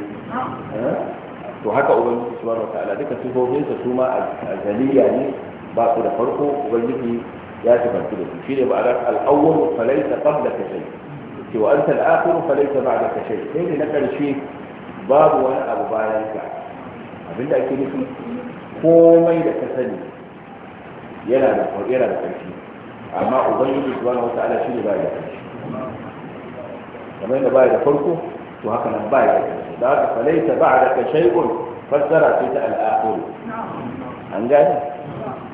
eh? to haka ubangiji subhanahu ta'ala duka sifofinsa su ma a zaliya ne ba su da farko ubangiji ya tafanci da shi ne ma'anar al'awwal falaita qabla ka shay ce wa anta al-akhir falaita ba'da ka shay sai ne na karshe babu wani abu bayan ka abinda ake nufi komai da ka sani yana da yana da karshe amma ubangiji subhanahu wata'ala shi ne bai da karshe kamar da bai da farko to haka nan bai da karshe da haka falaita ba'da ka shay'un fassara ce ta al an gane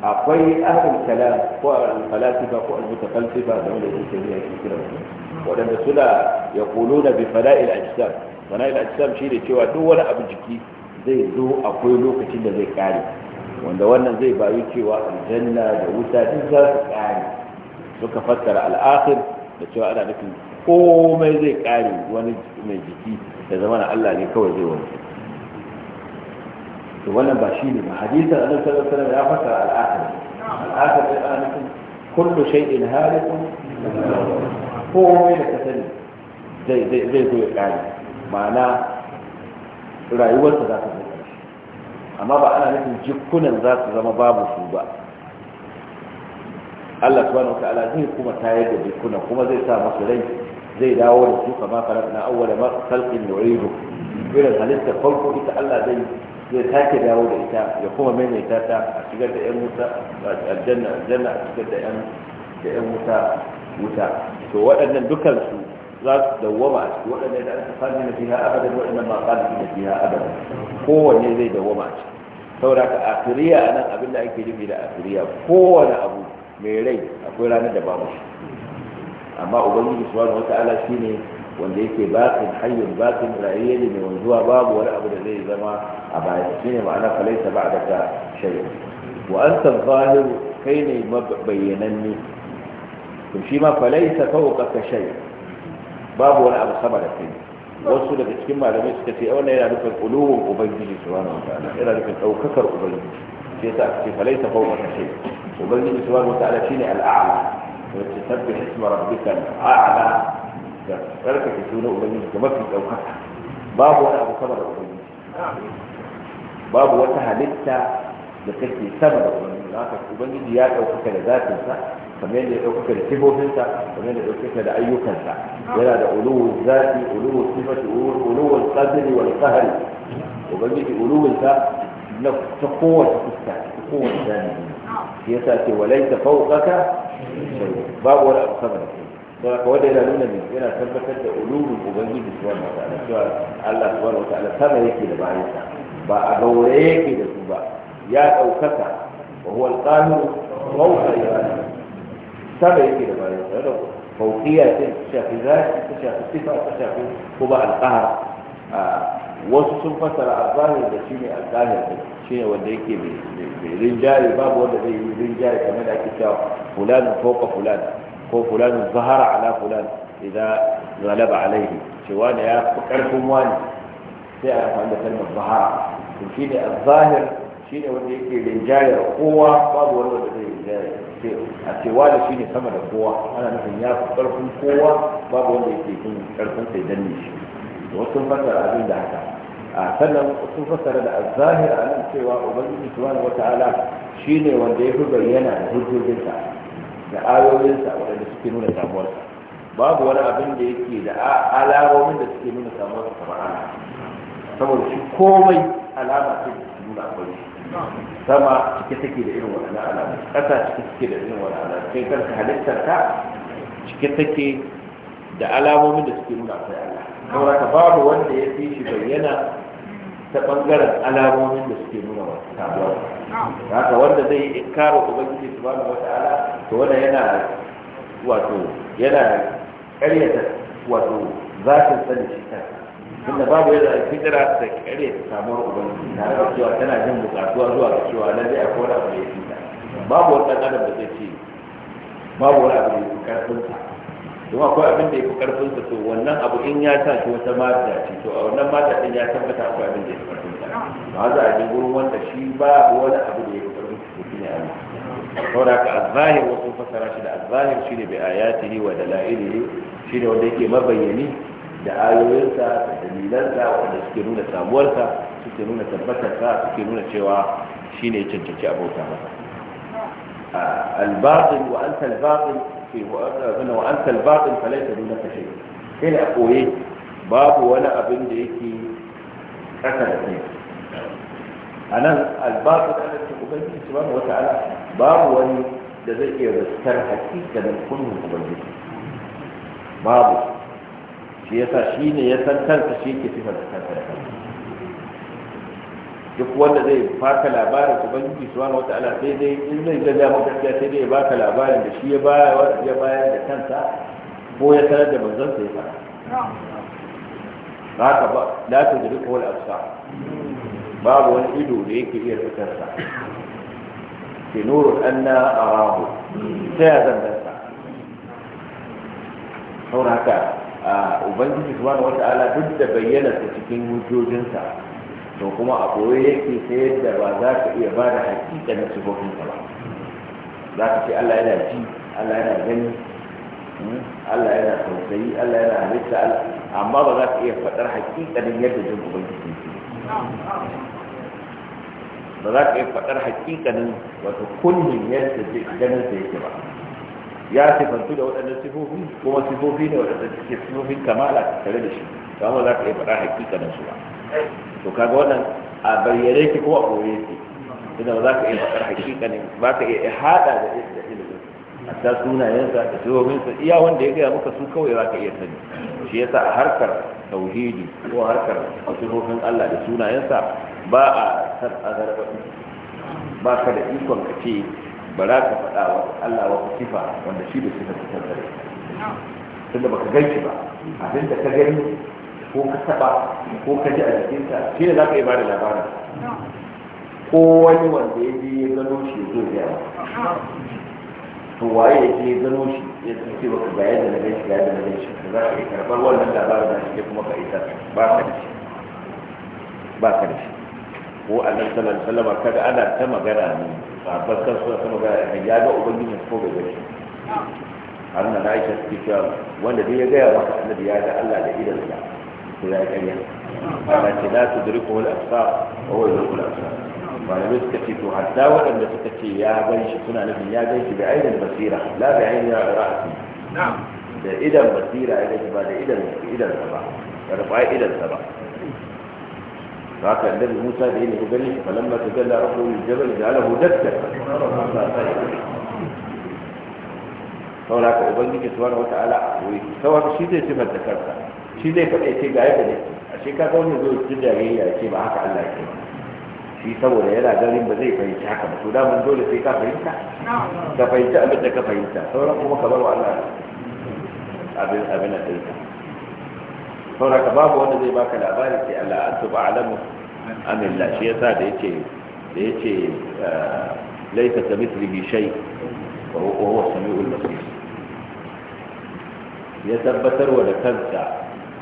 akwai ahlul kalam ko al-falasifa ko al-mutafalsifa da wanda yake tafiya ke kira wadanda suna yaquluna bi fala'il ajsam fala'il ajsam shine cewa duk wani abu jiki zai zo akwai lokacin da zai kare wanda wannan zai bayu cewa aljanna da wuta duk za su kare suka fassara al-akhir da cewa ana nufin komai zai kare wani mai jiki da zamana Allah ne kawai zai wani to wannan ba shi ne ba hadisin annabi sallallahu alaihi wasallam ya fasa al'akari al'akari ana nufin kullu shay'in halikun komai da ka sani zai zai zo ya kare ma'ana rayuwarsa za ta zo amma ba ana nufin jikunan za su zama babu su ba Allah subhanahu wataala zai kuma tayar da jikunan kuma zai sa masu rai zai dawo da su kama kana na awwala ma khalqin yu'idu irin halitta farko ita Allah zai zai take dawo da ita ya kuma maimaita ta a shigar da 'yan wuta aljanna aljanna a shigar da 'yan da 'yan wuta wuta to waɗannan dukan su za su dawwama a ciki waɗannan da aka sami na fiha abadan waɗannan ma sami na fiha abadan kowanne zai dawwama a ciki saboda ka afiriya a nan abin da ake nufi da afiriya kowane abu mai rai akwai ranar da babu shi amma ubangiji ala shi ne. wanda yake batin hayyun batin rayayye ne mai wanzuwa babu wani abu da zai zama a baya shine ma'ana falaita ba da ta shayyun wa anta zahir kai ne bayyananne to shi ma falaita fawqa ka shay babu wani abu sama da kai wasu daga cikin malamai suka ce wannan yana nufin uluwun ubangiji subhanahu wataala yana nufin daukakar ubangiji shi yasa aka ce falaita fawqa ka shay ubangiji subhanahu wataala shine al'a'la wa tasabbihu isma rabbika al'a'la da tsarkake sunan ubangiji da mafi ɗaukaka babu wani abu sama da ubangiji babu wata halitta da take sama da ubangiji haka ubangiji ya ɗaukaka da zatinsa kamar yadda ya ɗaukaka da sifofinsa kamar yadda ya ɗaukaka da ayyukansa yana da uluwul zati uluwul sifati uluwul qadri wal qahri ubangiji uluwul sa na ta kowace fuska ta kowace zamani shi yasa ce walaita fawqaka babu wani abu sama da kai don haka wanda yana nuna ne yana tabbatar da ulurin ubangiji su wannan ta'ala cewa Allah subhanahu wa ta'ala sama yake da bayansa ba a gauraye yake da su ba ya ɗaukaka wa huwa alqahiru fawqa ibadihi sama yake da bayansa da fawqiya ce shafi zati ta shafi sifa ta shafi kuma alƙahar wasu sun fasara alƙahar da shi ne alƙahar da shi ne wanda yake mai rinjaye babu wanda zai yi rinjaye kamar da ake cewa fulani fawqa fulani ko fulanin zahara ala fulan idan zalaba alaihi cewa da ya fi karfin wani sai a amfani da kalmar zahara to shi ne zahir shi ne wanda yake rinjayar kowa babu wanda da zai rinjayar a cewa da shi ne sama da kowa ana nufin ya fi karfin kowa babu wanda yake jin karfin sai danne shi wasu fasara abin da haka a sannan sun fassara da zahir a nan cewa ubangiji subhanahu wata'ala shine wanda ya fi bayyana da hujjojinsa da ayoyinsa waɗanda suke nuna samuwarsa babu wani abin da yake da alamomin da suke nuna samuwarsa kamar ana saboda shi komai alama ce da suke nuna akwai sama cike take da irin waɗannan alamu ƙasa cike take da irin waɗannan alamu kai kanka halittar ta cike take da alamomin da suke nuna akwai Allah saboda babu wanda ya fi shi bayyana ta bangaren alamomin da suke nuna wa sabuwa haka wanda zai yi su ubangiji subhanahu ta'ala. to wanda yana wato yana karyata wato zafin sani shi ta inda babu yadda fitira ta da karyata samuwar ubangiji tare da cewa tana jin bukatuwa zuwa ga cewa na zai akwai wani abu da ya fita babu wani ɗan adam da zai ce babu wani abu da ya fi karfinsa kuma akwai abin da ya fi karfin sa to wannan abu in ya sa shi wata mata ce to a wannan mata din ya tabbata akwai abin da ya fi karfin sa ba za a yi gurin wanda shi ba wani abu da ya fi karfin sa shine Allah da ka azahir wasu fasara shi da azahir shine bi ayatihi wa shi ne wanda yake mabayyani da ayoyinsa da dalilansa wanda suke nuna samuwarsa suke nuna tabbatarsa suke nuna cewa shi ne cancanci abota masa الباطل وأنت الباطل ce wa an talbatin falaita duna kashe kai a koye babu wani abin da yake kasa da kai a nan albatin ana ce ubangiji su ba wata ala babu wani da zai iya raskar hakikanin kullum ubangiji babu shi yasa shi ne ya san kansa shi ke sifar da kansa da kansa duk wanda zai baka labarin ubangiji subhanahu wataala sai dai in zai ga da gaskiya sai dai baka labarin da shi ya bayar ya bayar da kansa ko ya tarar da manzon sai ya fara haka ba da la tudriku al absar babu wani ido da yake iya fitar sa ke nuru anna arahu sai ya zangar sa saboda haka ubangiji subhanahu wataala duk da bayyana cikin wujojinsa to kuma a koyo yake ta yadda ba za ka iya ba da hakika na sifofinsa ba za ka ce Allah yana ji Allah yana gani hmm, Allah yana tausayi Allah yana halitta amma ba za ka iya faɗar hakikanin yadda jin ubangiji ba za ka iya faɗar hakikanin wata kullum yadda ganin sa yake ba ya sifantu da waɗannan sifofi kuma sifofi ne waɗanda suke sifofin kamala tare da shi ba za ka iya faɗar hakikanin su ba to kaga wannan a bayyane ki ko a koye ki idan ba za ka iya hakika ne ba ka iya haɗa da ilimin hatta sunayensa da sa iya wanda ya gaya maka su kawai za ka iya sani shi yasa a harkar tauhidi ko harkar jihohin Allah da sunayensa ba a san azarba ba ka da ikon ka ce ba za ka faɗa wa Allah wa sifa wanda shi da sifa ta tare tunda baka gaishe ba abinda ka gani ko ka taba ko ka ji a ta shi ne za ka yi ba da labarin ko wani wanda ya je ya gano shi ya zo ya to waye ya je ya gano shi ya ce ba ka bayar da na gan shi ga yadda na gan shi za ka yi karɓar wannan labarin da shi kuma ka isa ba ka da shi ba ka da shi ko annan sallallahu alaihi wasallam kada ana ta magana ne ba bakar su ta magana ne ya ga ubangiji ko ga gani har na Aisha take cewa wanda dai ya gaya maka annabi ya ga Allah da idan sa ذلك اليوم التي لا تدركه الأبصار وهو يدرك الأبصار قال يستفيد حتى وإن تستفي يا بني شكنا نبي يا بني بعين البصيرة لا بعين رأسي نعم إذا البصيرة إذا جبال إذا إذا السبع رفع إذا السبع فاكر النبي موسى بينه وبينه فلما تجلى ربه للجبل جعله دكا فهناك أبنك سبحانه وتعالى ويتصور شيء يتم الذكر shi zai faɗa ya ce ga yadda ne a shi kaga wani zo cikin jayayya ya ce ba haka Allah ke shi saboda yana ganin ba zai fahimci haka ba to da mun dole sai ka fahimta ka fahimci abin da ka fahimta sauran kuma ka bar wa Allah abin abin da ɗinka saboda ka babu wanda zai baka labari sai Allah an tuba alamu amilla shi yasa da yace da yace ah, laita ka mithlihi shay wa huwa samiul basir ya tabbatar wa da kansa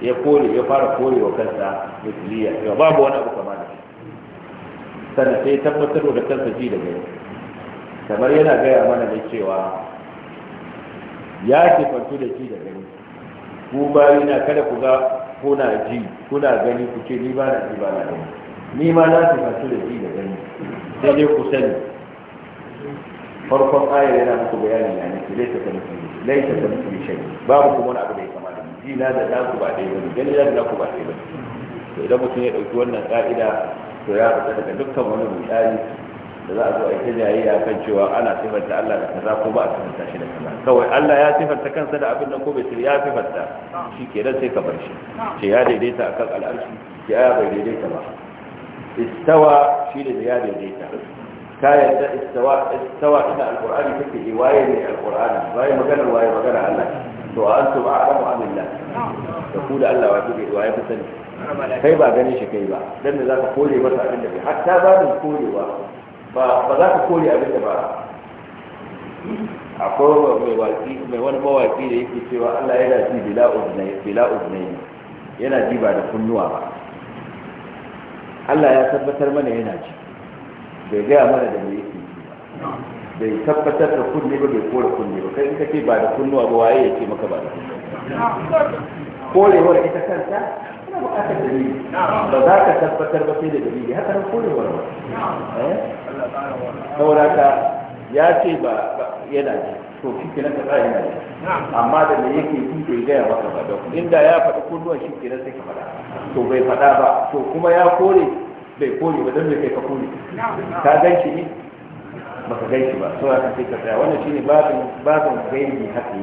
ya kore ya fara kore wa kansa misliya ya babu wani abu kama da shi sannan sai tabbatar da kansa ji da gani kamar yana gaya mana da cewa ya fantu da ji da gani ku bayi na kada ku ga kuna ji kuna gani ku ce ni ba na ji ba na gani ni ma na fantu da ji da gani sai dai ku sani farkon ayar yana muku bayani na ne laita ta mutum laita ta mutum shai babu kuma wani abu da ya na da naku ba ɗaya bane gani da naku ba ɗaya bane to idan mutum ya dauki wannan ka'ida to ya fita daga dukkan wani misali da za a zo a yi jayayya kan cewa ana sifanta Allah da kaza ko ba a sifanta shi da kaza kawai Allah ya sifanta kansa da abin nan ko bai ya sifanta shi ke nan sai ka bar shi ce ya daidaita akan al'arshi ce ya bai daidaita ba istawa shi ne ya daidaita ka yadda istawa istawa ina alqur'ani take waye ne alqur'ani waye magana waye magana Allah to a su ba a ɗan wa'amilla da ku da Allah wa ya fi sani kai ba gani shi kai ba dan da za ka kore masa abin da bai hatta ba da korewa ba za ka kore abin da ba akwai mai wani mawaki da yake cewa Allah yana ji bila uznai bila yana ji ba da kunnuwa ba Allah ya tabbatar mana yana ji bai gaya mana da me yake ji ba bai tabbatar da kunne ba bai kore kunne ba kai kake ba da kunnuwa ba waye yake maka ba da kunnuwa korewar ita kanta tana buƙatar dalili ba za ka tabbatar ba sai da dalili haka nan korewar ba eh? saboda ka ya ce ba yana ji to shi kenan ka tsaya yana ji amma da me yake yi ke gaya maka ba don inda ya faɗi kunnuwan shi kenan sai ka faɗa to bai faɗa ba to kuma ya kore bai kore ba don bai kai ka kore ka gan shi ne baka gai shi ba sau haka sai ka tsaya wannan shine babin babin gaibi haka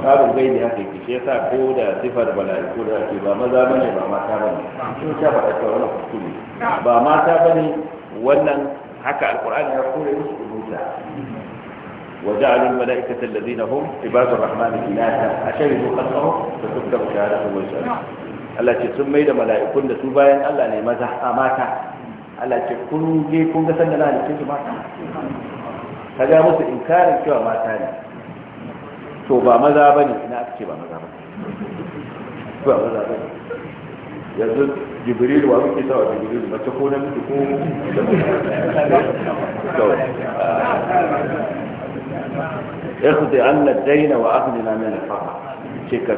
babin gaibi haka yake shi sa ko da sifar bala'i ko da ake ba maza bane ba mata bane sun sha faɗa ta wannan kuskure ba mata bane wannan haka alqur'ani ya kore musu rubuta وجعلوا الملائكة الذين هم عباد الرحمن إلها أشهدوا خلقهم فتكتب شهادتهم ويسألون التي سمي ملائكون سبايا ألا لمزح أماتا Ala ce kun je kun ga sanda na halittun su mata ka ga musu inkarin cewa mata ne to ba maza ba ne ina aka ce ba maza ba ba maza ba ne yanzu jibril wa muke sawa jibril mace ko na miki ko اخذ عنا الدين واخذنا من الفقر ce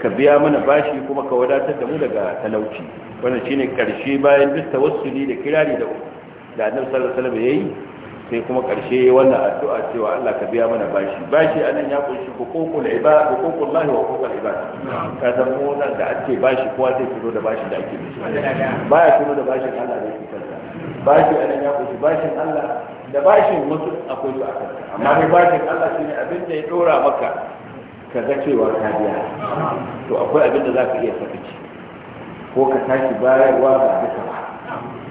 ka biya mana bashi kuma ka wadatar da mu daga talauci wannan ne karshe bayan duk tawassuli da kirari da da annabi sallallahu alaihi wasallam yayi sai kuma karshe wannan addu'a cewa Allah ka biya mana bashi bashi a nan ya kunshi hukukul ibad hukukul lahi wa hukukul Ibada. ka san mu nan da ake bashi kowa sai tuno da bashi da ake ba ya tuno da bashin Allah da yake kansa bashi nan ya kunshi bashin Allah da bashin wasu akwai su kanta. amma dai bashin Allah shine abin da ya dora maka ka ga cewa ka biya to akwai abin da za ka iya sakaci ko ka tashi bayarwa ga duka ba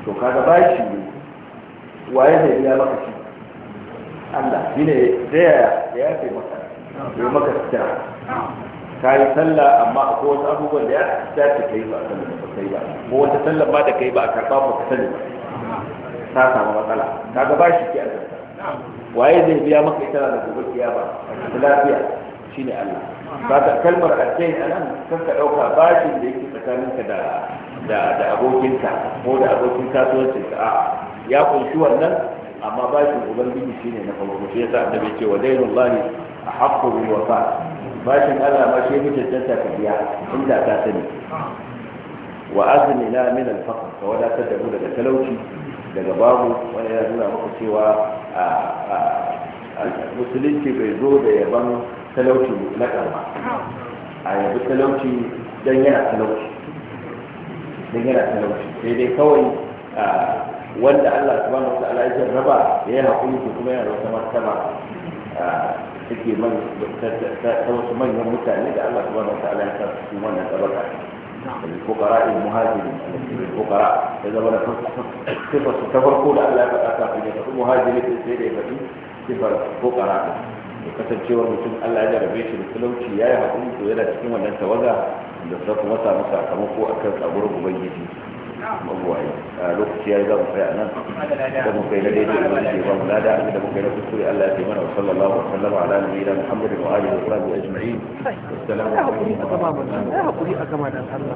to kaga bashi ne waye ne biya maka shi Allah shi ne da ya fi maka ya maka sutura ka yi sallah amma akwai wasu abubuwan da ya dace ka yi ba a sallah ba kai ba ko wata sallah ma da kai ba a karɓa ba ka sani ba ta samu matsala kaga bashi ke a waye zai biya maka ita da gobe kiyama a lafiya shi ne Allah ba ta kalmar addai a nan kan ka ɗauka bashin da yake tsakaninka da da abokinka ko da abokin kasuwancinka a ya kunshi wannan amma bashin ubangiji shi ne na farko shi yasa annabi ce wa dainullahi a bil wafa bashin Allah ma shi mutum ka biya inda ka sani wa aznina min al ka wadatar da mu daga talauci daga babu wani ya nuna maka cewa a musulunci bai zo da yaban talauci na karba a yabi talauci don yana talauci don yana talauci sai dai kawai wanda Allah subhanahu wa ta'ala ya jarraba ya yi hakuri ko kuma yana wata martaba take man ta wasu manyan mutane da Allah subhanahu wa ta'ala ya sa su wannan tabaka الفقراء المهاجرين الفقراء إذا بدأ صفة تفرقوا لألا يبقى كافية المهاجرين في سيدة صفة الفقراء da kasancewar mutum Allah ya jarabe shi da talauci ya yi haƙuri to yana cikin wannan tawaga da sa kuma samu sakamako a kan tsabar ubangiji mabuwayi a lokaci ya yi za mu kai a nan da mu kai na daidai da wani ke ba mu lada abin da mu kai na kuskure Allah ya taimana wa sallallahu wa sallama ala nabi da Muhammad wa alihi wa sahbihi ajma'in assalamu alaikum wa rahmatullahi wa barakatuh